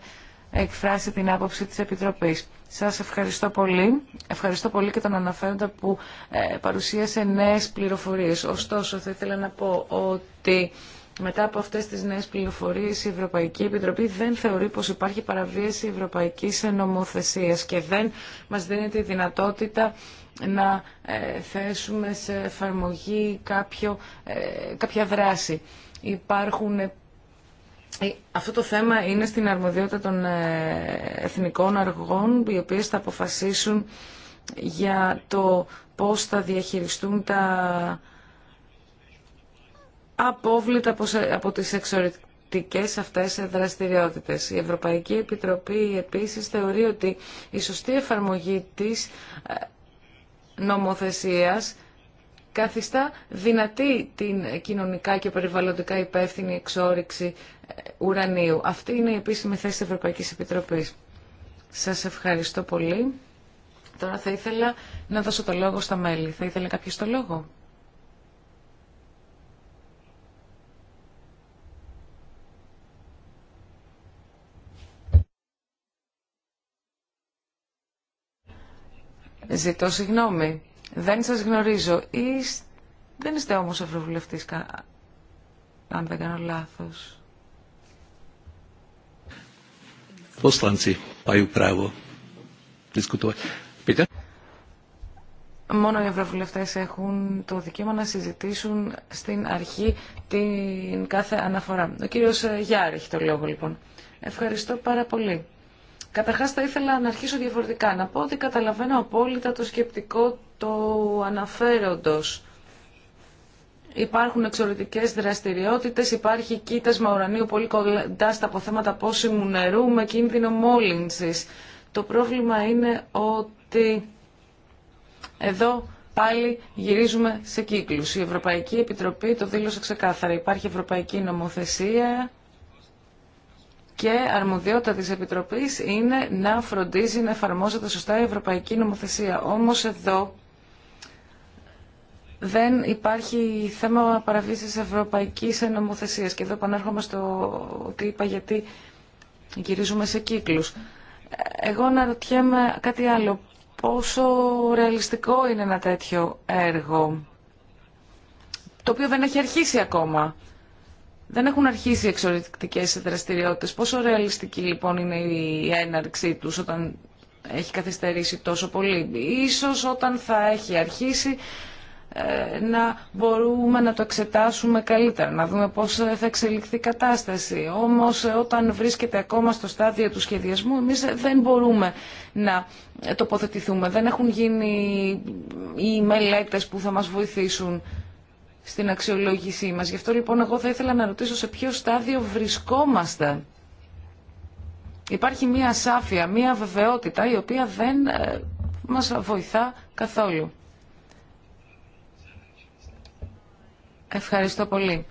Speaker 3: εκφράσει την άποψη της Επιτροπής. Σας ευχαριστώ πολύ. Ευχαριστώ πολύ και τον αναφέροντα που ε, παρουσίασε νέες πληροφορίες. Ωστόσο, θα ήθελα να πω ότι μετά από αυτές τις νέε πληροφορίε, η Ευρωπαϊκή Επιτροπή δεν θεωρεί πως υπάρχει παραβίαση ευρωπαϊκής Νομοθεσία και δεν μας δίνει τη δυνατότητα να ε, θέσουμε σε εφαρμογή κάποιο, ε, κάποια δράση. Υπάρχουν ε, αυτό το θέμα είναι στην αρμοδιότητα των εθνικών αργών, οι οποίες θα αποφασίσουν για το πώς θα διαχειριστούν τα απόβλητα από τις εξορρυκτικές αυτές δραστηριότητες. Η Ευρωπαϊκή Επιτροπή επίσης θεωρεί ότι η σωστή εφαρμογή της ε, νομοθεσίας καθιστά δυνατή την κοινωνικά και περιβαλλοντικά υπεύθυνη εξόριξη ε, ουρανίου. Αυτή είναι η επίσημη θέση της Ευρωπαϊκής Επιτροπής. Σας ευχαριστώ πολύ. Τώρα θα ήθελα να δώσω το λόγο στα μέλη. Θα ήθελε κάποιος το λόγο. Ζητώ συγγνώμη. Δεν σας γνωρίζω. Είσ... Δεν είστε όμως ευρωβουλευτής, κα... αν δεν κάνω λάθος. Μόνο οι ευρωβουλευτές έχουν το δικαίωμα να συζητήσουν στην αρχή την κάθε αναφορά. Ο κύριος Γιάρη έχει το λόγο λοιπόν. Ευχαριστώ πάρα πολύ. Καταρχάς θα ήθελα να αρχίσω διαφορετικά, να πω ότι καταλαβαίνω απόλυτα το σκεπτικό του αναφέροντος. Υπάρχουν εξωρετικέ δραστηριότητες, υπάρχει κοίτασμα ουρανίου πολύ κοντά στα αποθέματα πόσιμου νερού με κίνδυνο μόλυνσης. Το πρόβλημα είναι ότι εδώ πάλι γυρίζουμε σε κύκλους. Η Ευρωπαϊκή Επιτροπή το δήλωσε ξεκάθαρα. Υπάρχει Ευρωπαϊκή Νομοθεσία και αρμοδιότητα της Επιτροπής είναι να φροντίζει να εφαρμόζεται σωστά η Ευρωπαϊκή Νομοθεσία. Όμως εδώ δεν υπάρχει θέμα παραβίασης Ευρωπαϊκής Νομοθεσίας και εδώ επανέρχομαι στο ότι είπα γιατί γυρίζουμε σε κύκλους. Εγώ να ρωτιέμαι κάτι άλλο. Πόσο ρεαλιστικό είναι ένα τέτοιο έργο, το οποίο δεν έχει αρχίσει ακόμα. Δεν έχουν αρχίσει εξορρυκτικέ δραστηριότητε. Πόσο ρεαλιστική λοιπόν είναι η έναρξή τους όταν έχει καθυστερήσει τόσο πολύ. Ίσως όταν θα έχει αρχίσει ε, να μπορούμε να το εξετάσουμε καλύτερα, να δούμε πώς θα εξελιχθεί η κατάσταση. Όμως ε, όταν βρίσκεται ακόμα στο στάδιο του σχεδιασμού εμείς δεν μπορούμε να τοποθετηθούμε. Δεν έχουν γίνει οι μελέτες που θα μας βοηθήσουν στην αξιολόγησή μας. Γι' αυτό λοιπόν εγώ θα ήθελα να ρωτήσω σε ποιο στάδιο βρισκόμαστε. Υπάρχει μία σάφια, μία βεβαιότητα η οποία δεν ε, μας βοηθά καθόλου. Ευχαριστώ πολύ.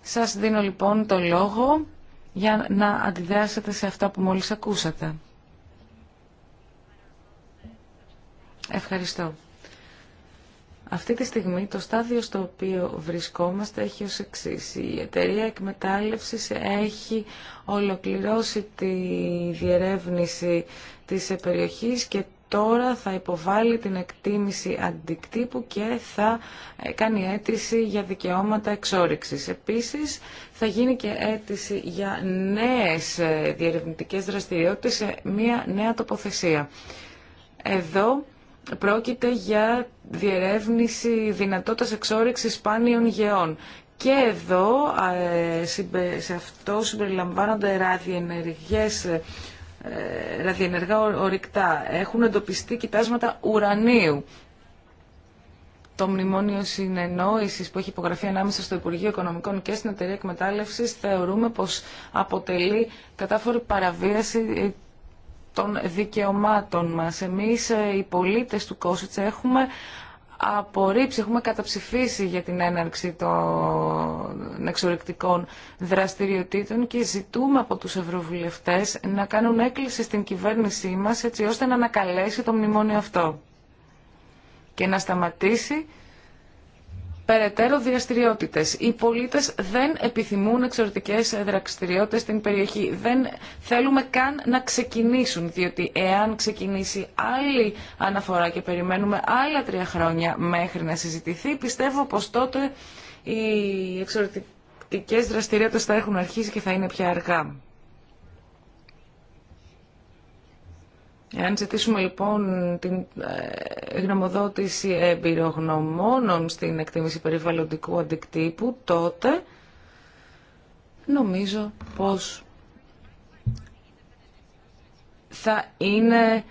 Speaker 3: Σας δίνω λοιπόν το λόγο για να αντιδράσετε σε αυτά που μόλις ακούσατε. Ευχαριστώ. Αυτή τη στιγμή το στάδιο στο οποίο βρισκόμαστε έχει ως εξή. Η εταιρεία εκμετάλλευσης έχει ολοκληρώσει τη διερεύνηση της περιοχής και τώρα θα υποβάλει την εκτίμηση αντικτύπου και θα κάνει αίτηση για δικαιώματα εξόριξης. Επίσης, θα γίνει και αίτηση για νέες διερευνητικές δραστηριότητες σε μια νέα τοποθεσία. Εδώ πρόκειται για διερεύνηση δυνατότητας εξόρυξης σπάνιων γεών. Και εδώ ε, σε αυτό συμπεριλαμβάνονται ραδιενεργές ε, ραδιενεργά ορυκτά. Έχουν εντοπιστεί κοιτάσματα ουρανίου. Το μνημόνιο συνεννόηση που έχει υπογραφεί ανάμεσα στο Υπουργείο Οικονομικών και στην Εταιρεία Εκμετάλλευση θεωρούμε πω αποτελεί κατάφορη παραβίαση των δικαιωμάτων μας. Εμείς ε, οι πολίτες του Κόσιτς έχουμε απορρίψει, έχουμε καταψηφίσει για την έναρξη των εξορρεκτικών δραστηριοτήτων και ζητούμε από τους ευρωβουλευτές να κάνουν έκκληση στην κυβέρνησή μας έτσι ώστε να ανακαλέσει το μνημόνιο αυτό και να σταματήσει περαιτέρω δραστηριότητε. Οι πολίτε δεν επιθυμούν εξωτικέ δραστηριότητε στην περιοχή. Δεν θέλουμε καν να ξεκινήσουν, διότι εάν ξεκινήσει άλλη αναφορά και περιμένουμε άλλα τρία χρόνια μέχρι να συζητηθεί, πιστεύω πω τότε οι εξωτικέ δραστηριότητε θα έχουν αρχίσει και θα είναι πια αργά. Εάν ζητήσουμε λοιπόν την ε, γνωμοδότηση εμπειρογνωμόνων στην εκτίμηση περιβαλλοντικού αντικτύπου, τότε νομίζω πως θα είναι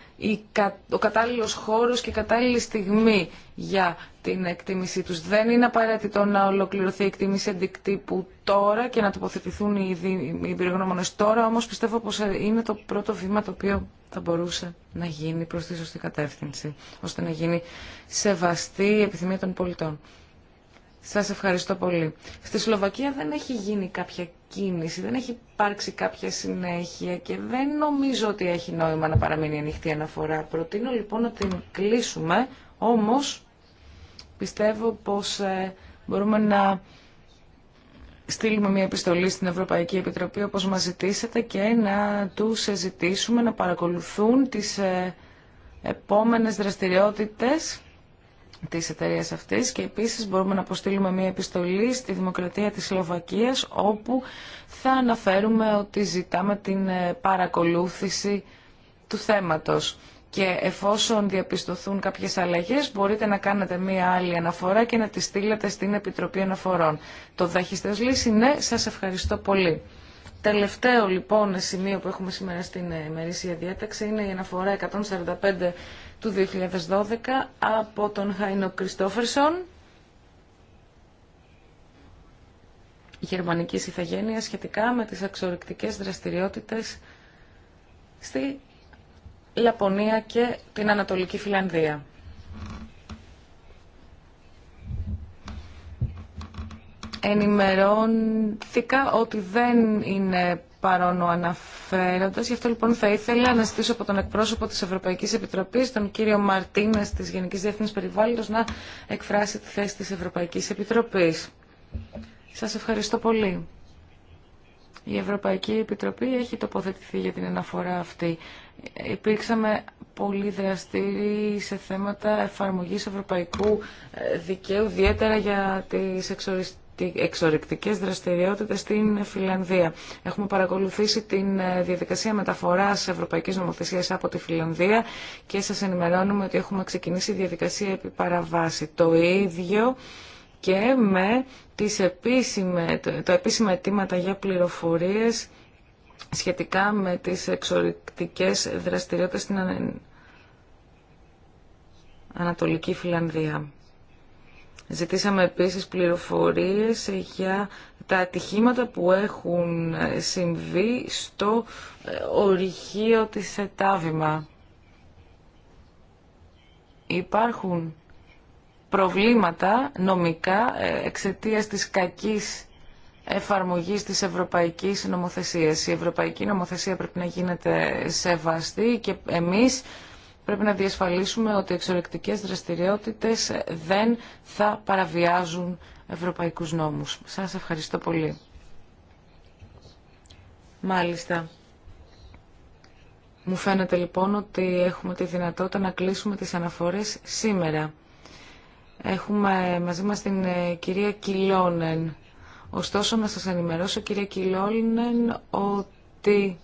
Speaker 3: ο κατάλληλος χώρος και η κατάλληλη στιγμή για την εκτίμησή τους. Δεν είναι απαραίτητο να ολοκληρωθεί η εκτίμηση αντικτύπου τώρα και να τοποθετηθούν οι υπηρεγνώμονες τώρα, όμως πιστεύω πως ε, είναι το πρώτο βήμα το οποίο θα μπορούσε να γίνει προς τη σωστή κατεύθυνση, ώστε να γίνει σεβαστή η επιθυμία των πολιτών. Σας ευχαριστώ πολύ. Στη Σλοβακία δεν έχει γίνει κάποια κίνηση, δεν έχει υπάρξει κάποια συνέχεια και δεν νομίζω ότι έχει νόημα να παραμείνει ανοιχτή αναφορά. Προτείνω λοιπόν να την κλείσουμε, όμως Πιστεύω πως ε, μπορούμε να στείλουμε μια επιστολή στην Ευρωπαϊκή Επιτροπή όπως μας ζητήσατε και να τους ζητήσουμε να παρακολουθούν τις ε, επόμενες δραστηριότητες της εταιρεία αυτής και επίσης μπορούμε να αποστείλουμε μια επιστολή στη Δημοκρατία της Σλοβακίας όπου θα αναφέρουμε ότι ζητάμε την ε, παρακολούθηση του θέματος και εφόσον διαπιστωθούν κάποιες αλλαγές μπορείτε να κάνετε μία άλλη αναφορά και να τη στείλετε στην Επιτροπή Αναφορών. Το δάχιστες λύση, ναι, σας ευχαριστώ πολύ. Τελευταίο λοιπόν σημείο που έχουμε σήμερα στην ημερήσια διάταξη είναι η αναφορά 145 του 2012 από τον Χάινο Κριστόφερσον, γερμανικής ηθαγένειας σχετικά με τις αξιορρυκτικές δραστηριότητες στη Λαπωνία και την Ανατολική Φιλανδία. Ενημερώθηκα ότι δεν είναι παρόν ο αναφέροντας. Γι' αυτό λοιπόν θα ήθελα να ζητήσω από τον εκπρόσωπο της Ευρωπαϊκής Επιτροπής, τον κύριο Μαρτίνα της Γενικής Διεθνής Περιβάλλοντος, να εκφράσει τη θέση της Ευρωπαϊκής Επιτροπής. Σας ευχαριστώ πολύ. Η Ευρωπαϊκή Επιτροπή έχει τοποθετηθεί για την αναφορά αυτή υπήρξαμε πολύ δραστήριοι σε θέματα εφαρμογής ευρωπαϊκού ε, δικαίου, ιδιαίτερα για τις εξορρυκτικές δραστηριότητες στην Φιλανδία. Έχουμε παρακολουθήσει τη ε, διαδικασία μεταφοράς ευρωπαϊκής νομοθεσίας από τη Φιλανδία και σας ενημερώνουμε ότι έχουμε ξεκινήσει διαδικασία επί παραβάση. Το ίδιο και με τις επίσημε, τα επίσημα αιτήματα για πληροφορίες σχετικά με τις εξορρυκτικές δραστηριότητες στην Ανατολική Φιλανδία. Ζητήσαμε επίσης πληροφορίες για τα ατυχήματα που έχουν συμβεί στο ε, ορυχείο της Ετάβημα. Υπάρχουν προβλήματα νομικά ε, εξαιτίας της κακής εφαρμογής της ευρωπαϊκής νομοθεσίας. Η ευρωπαϊκή νομοθεσία πρέπει να γίνεται σεβαστή και εμείς πρέπει να διασφαλίσουμε ότι οι εξορρεκτικές δραστηριότητες δεν θα παραβιάζουν ευρωπαϊκούς νόμους. Σας ευχαριστώ πολύ. Μάλιστα. Μου φαίνεται λοιπόν ότι έχουμε τη δυνατότητα να κλείσουμε τις αναφορές σήμερα. Έχουμε μαζί μας την ε, κυρία Κιλόνεν. Ωστόσο, να σας ενημερώσω, κύριε Κιλόλινεν, ότι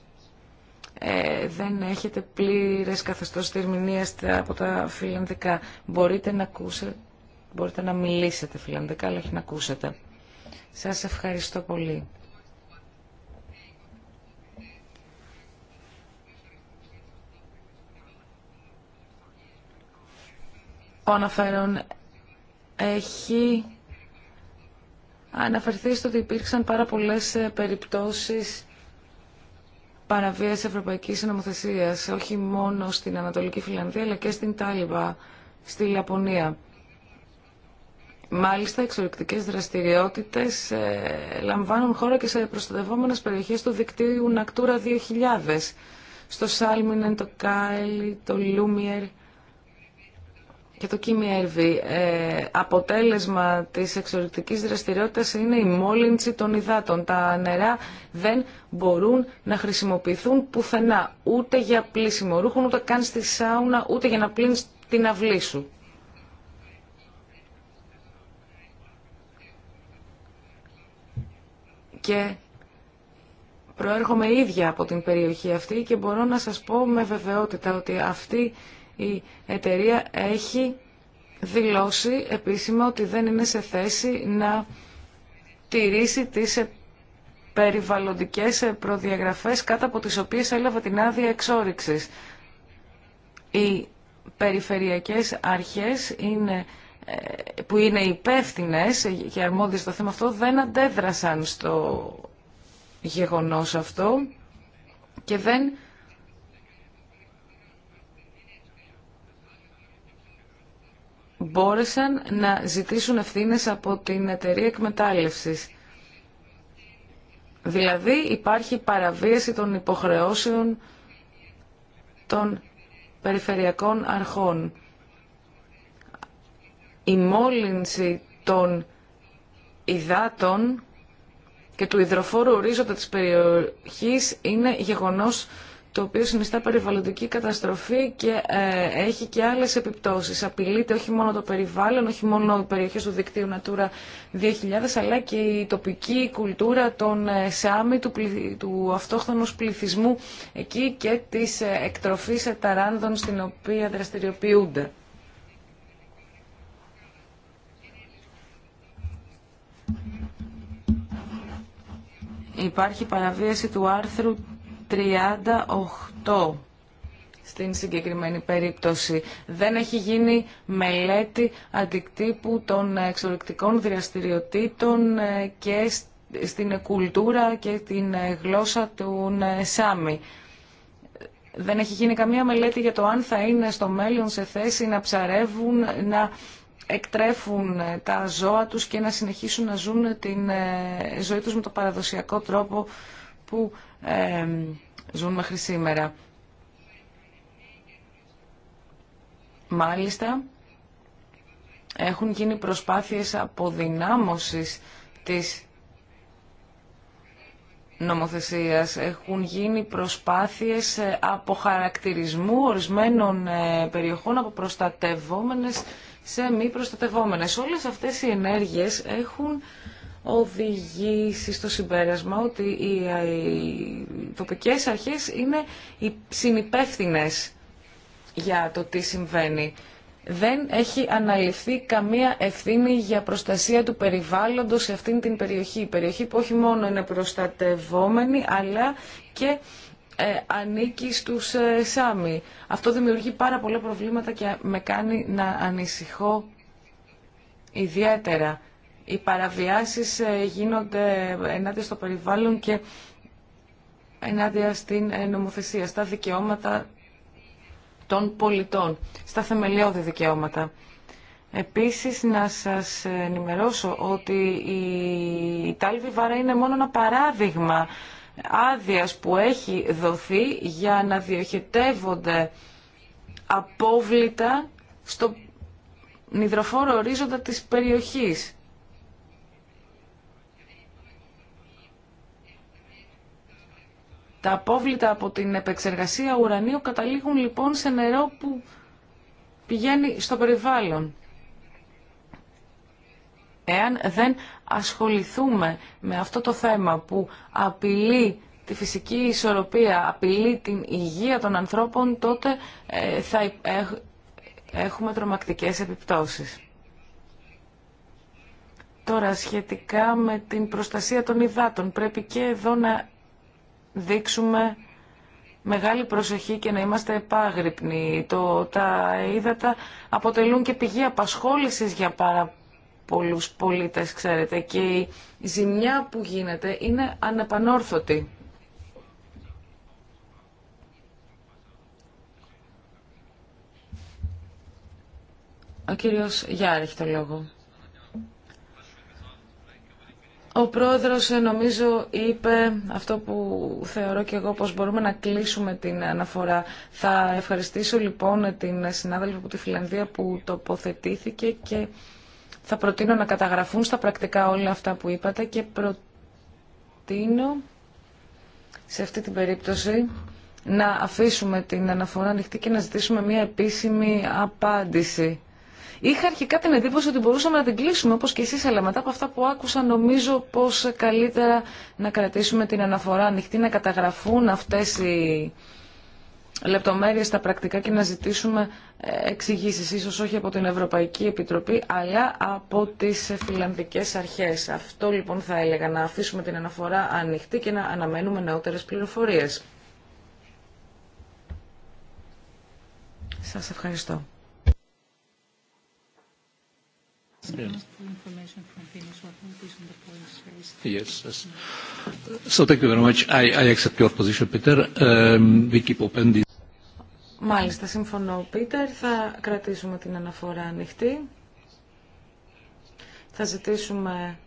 Speaker 3: ε, δεν έχετε πλήρες καθεστώς θερμηνίας από τα φιλανδικά. Μπορείτε να, ακούσετε, μπορείτε να μιλήσετε φιλανδικά, αλλά όχι να ακούσετε. Σας ευχαριστώ πολύ. Ο έχει αναφερθεί στο ότι υπήρξαν πάρα πολλέ ε, περιπτώσει παραβίαση Ευρωπαϊκή Νομοθεσία, όχι μόνο στην Ανατολική Φιλανδία, αλλά και στην Τάλιβα, στη Λαπωνία. Μάλιστα, εξορρυκτικέ δραστηριότητες ε, λαμβάνουν χώρα και σε προστατευόμενες περιοχέ του δικτύου Νακτούρα 2000, στο Σάλμινεν, το Κάιλι, το Λούμιερ και το Κίμι Έρβη, ε, αποτέλεσμα της εξορρυκτικής δραστηριότητας είναι η μόλυνση των υδάτων. Τα νερά δεν μπορούν να χρησιμοποιηθούν πουθενά, ούτε για πλήσιμο ρούχων, ούτε καν στη σάουνα, ούτε για να πλύνεις την αυλή σου. Και προέρχομαι ίδια από την περιοχή αυτή και μπορώ να σας πω με βεβαιότητα ότι αυτή η εταιρεία έχει δηλώσει επίσημα ότι δεν είναι σε θέση να τηρήσει τις περιβαλλοντικές προδιαγραφές κάτω από τις οποίες έλαβε την άδεια εξόριξης. Οι περιφερειακές αρχές είναι, ε, που είναι υπεύθυνε και αρμόδιες στο θέμα αυτό δεν αντέδρασαν στο γεγονός αυτό και δεν μπόρεσαν να ζητήσουν ευθύνες από την εταιρεία εκμετάλλευσης. Δηλαδή υπάρχει παραβίαση των υποχρεώσεων των περιφερειακών αρχών. Η μόλυνση των υδάτων και του υδροφόρου ορίζοντα της περιοχής είναι γεγονός το οποίο συνιστά περιβαλλοντική καταστροφή και ε, έχει και άλλες επιπτώσεις. Απειλείται όχι μόνο το περιβάλλον, όχι μόνο οι περιοχές του δικτύου Natura 2000, αλλά και η τοπική κουλτούρα των ε, Σάμι, του, του αυτόχθονου πληθυσμού εκεί και της ε, εκτροφής ταράνδων στην οποία δραστηριοποιούνται. Υπάρχει παραβίαση του άρθρου 38 στην συγκεκριμένη περίπτωση. Δεν έχει γίνει μελέτη αντικτύπου των εξορρυκτικών δραστηριοτήτων ε, και στην κουλτούρα και την ε, γλώσσα του ε, Σάμι. Δεν έχει γίνει καμία μελέτη για το αν θα είναι στο μέλλον σε θέση να ψαρεύουν, να εκτρέφουν τα ζώα τους και να συνεχίσουν να ζουν την ζωή τους με το παραδοσιακό τρόπο που ζουν μέχρι σήμερα. Μάλιστα, έχουν γίνει προσπάθειες αποδυνάμωσης της νομοθεσίας. Έχουν γίνει προσπάθειες αποχαρακτηρισμού ορισμένων ε, περιοχών από προστατευόμενες σε μη προστατευόμενες. Όλες αυτές οι ενέργειες έχουν οδηγήσει στο συμπέρασμα ότι οι, τοπικές αρχές είναι οι συνυπεύθυνες για το τι συμβαίνει. Δεν έχει αναλυφθεί καμία ευθύνη για προστασία του περιβάλλοντος σε αυτήν την περιοχή. Η περιοχή που όχι μόνο είναι προστατευόμενη, αλλά και ε, ανήκει στους ε, Σάμι. Αυτό δημιουργεί πάρα πολλά προβλήματα και με κάνει να ανησυχώ ιδιαίτερα οι παραβιάσεις ε, γίνονται ενάντια στο περιβάλλον και ενάντια στην ε, νομοθεσία, στα δικαιώματα των πολιτών, στα θεμελιώδη δικαιώματα. Επίσης, να σας ενημερώσω ότι η Τάλβη Βάρα είναι μόνο ένα παράδειγμα άδεια που έχει δοθεί για να διοχετεύονται απόβλητα στο νηδροφόρο ορίζοντα της περιοχής. Τα απόβλητα από την επεξεργασία ουρανίου καταλήγουν λοιπόν σε νερό που πηγαίνει στο περιβάλλον. Εάν δεν ασχοληθούμε με αυτό το θέμα που απειλεί τη φυσική ισορροπία, απειλεί την υγεία των ανθρώπων, τότε ε, θα ε, έχουμε τρομακτικές επιπτώσεις. Τώρα, σχετικά με την προστασία των υδάτων, πρέπει και εδώ να δείξουμε μεγάλη προσοχή και να είμαστε επάγρυπνοι. Το, τα ύδατα αποτελούν και πηγή απασχόλησης για πάρα πολλούς πολίτες, ξέρετε, και η ζημιά που γίνεται είναι ανεπανόρθωτη. Ο κύριος Γιάρη έχει το λόγο. Ο πρόεδρος ε, νομίζω είπε αυτό που θεωρώ και εγώ πως μπορούμε να κλείσουμε την αναφορά. Θα ευχαριστήσω λοιπόν την συνάδελφη από τη Φιλανδία που τοποθετήθηκε και θα προτείνω να καταγραφούν στα πρακτικά όλα αυτά που είπατε και προτείνω σε αυτή την περίπτωση να αφήσουμε την αναφορά ανοιχτή και να ζητήσουμε μια επίσημη απάντηση. Είχα αρχικά την εντύπωση ότι μπορούσαμε να την κλείσουμε όπως και εσείς, αλλά μετά από αυτά που άκουσα νομίζω πως καλύτερα να κρατήσουμε την αναφορά ανοιχτή, να καταγραφούν αυτές οι λεπτομέρειες στα πρακτικά και να ζητήσουμε ε, εξηγήσει, ίσως όχι από την Ευρωπαϊκή Επιτροπή, αλλά από τις φιλανδικές αρχές. Αυτό λοιπόν θα έλεγα, να αφήσουμε την αναφορά ανοιχτή και να αναμένουμε νεότερες πληροφορίες. Σας ευχαριστώ.
Speaker 4: Yes,
Speaker 2: So thank you very much. I,
Speaker 4: accept your position, Peter. Um, we keep open this.
Speaker 3: Μάλιστα, συμφωνώ, Πίτερ. Θα κρατήσουμε την αναφορά ανοιχτή. Θα ζητήσουμε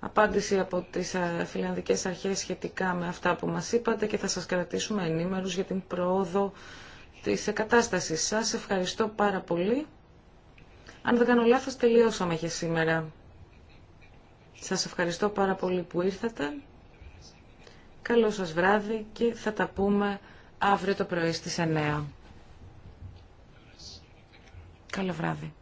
Speaker 3: απάντηση από τις ε, φιλανδικές αρχές σχετικά με αυτά που μας είπατε και θα σας κρατήσουμε ενήμερους για την πρόοδο της κατάστασης σας. Ευχαριστώ πάρα πολύ. Αν δεν κάνω λάθος, τελειώσαμε για σήμερα. Σας ευχαριστώ πάρα πολύ που ήρθατε. Καλό σας βράδυ και θα τα πούμε αύριο το πρωί στις 9.
Speaker 2: Καλό βράδυ.